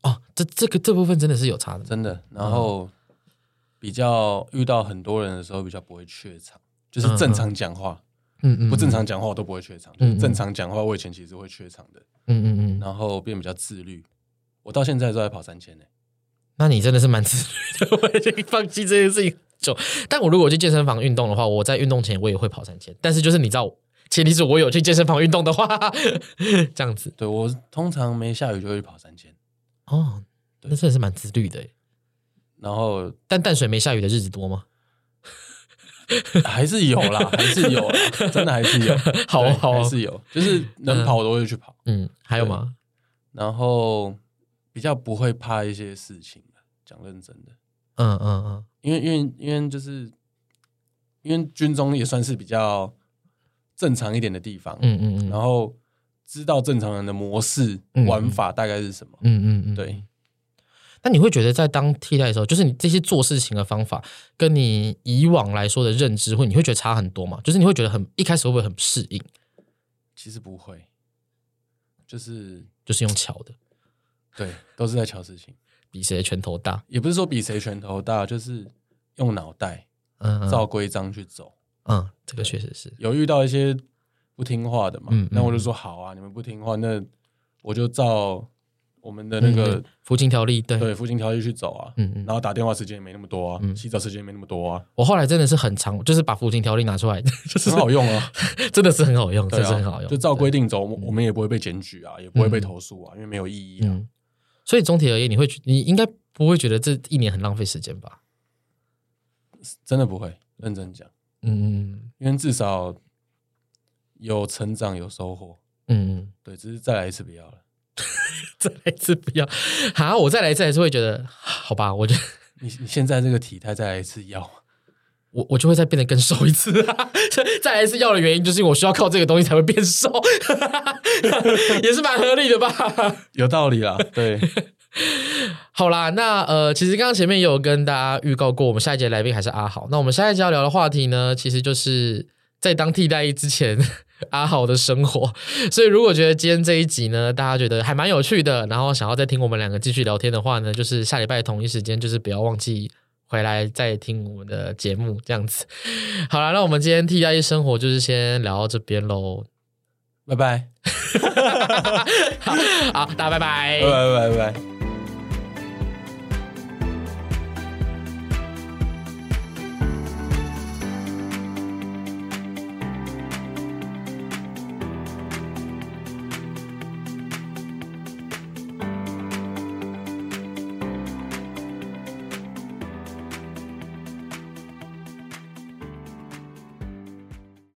哦，這這個這部分真的是有差的，真的。然後、哦、比較遇到很多人的時候，比較不會怯場，就是正常講話，嗯、哦、嗯，不正常講話我都不會怯場，嗯嗯就是、正常講話我以前其實會怯場的，嗯嗯嗯。然後變得比較自律，我到現在都在跑三千呢。那你真的是蠻自律的，我已經放棄這件事情。但我如果去健身房運動的話，我在運動前我也會跑三千。但是就是你知道，前提是我有去健身房運動的話，這樣子。對。對我通常沒下雨就會跑三千。哦，那真的是蠻自律的。然後，但淡水沒下雨的日子多嗎？還是有啦，還是有，真的還是有。好好、啊，還是有，就是能跑的我就去跑。嗯。嗯，還有嗎？然後。比較不會怕一些事情的，講認真的，嗯嗯嗯，因為因為因為就是因為軍中也算是比較正常一點的地方，嗯嗯嗯，然後知道正常人的模式、嗯、玩法大概是什麼，嗯嗯嗯,嗯，對。那你會覺得在當替代的時候，就是你這些做事情的方法，跟你以往來說的認知，會你會覺得差很多嗎？就是你會覺得很一開始會不會很適應？其實不會，就是就是用喬的。對，都是在喬事情，比誰拳頭大，也不是說比誰拳頭大，就是用腦袋，嗯，照規章去走，嗯，嗯這個確實是有遇到一些不聽話的嘛，嗯，嗯那我就說好啊，你們不聽話，那我就照我們的那個服勤、嗯嗯、條例，對對服勤條例去走啊，嗯嗯，然後打電話時間也沒那麼多啊，嗯、洗澡時間也沒那麼多啊、嗯，我後來真的是很長，就是把服勤條例拿出來，就是很好用啊， 真的是很好用，真的、啊、是很好用，就照規定走，我們也不會被檢舉啊，嗯、也不會被投訴啊、嗯，因為沒有意義啊。嗯所以總體而言你，你會覺你應該不會覺得這一年很浪費時間吧？真的不會，認真講，嗯嗯，因為至少有成長有收穫，嗯，對，只是再來一次不要了， 再來一次不要，好、啊，我再來一次還是會覺得，好吧，我覺得你你現在這個體態再來一次要。我我就會再變得更瘦一次，啊、 再來一次要的原因，就是因為我需要靠這個東西才會變瘦 也是蠻合理的吧？ 有道理啊，對 。好啦，那呃，其實剛剛前面也有跟大家預告過，我們下一集的來賓還是阿豪。那我們下一集要聊的話題呢，其實就是在當替代役之前阿豪的生活。所以如果覺得今天這一集呢，大家覺得還蠻有趣的，然後想要再聽我們兩個繼續聊天的話呢，就是下禮拜同一時間，就是不要忘記。回來再聽我們的節目，這樣子。好了，那我們今天替代役生活就是先聊到這邊嘍，拜拜 好，大家拜拜，拜拜拜拜。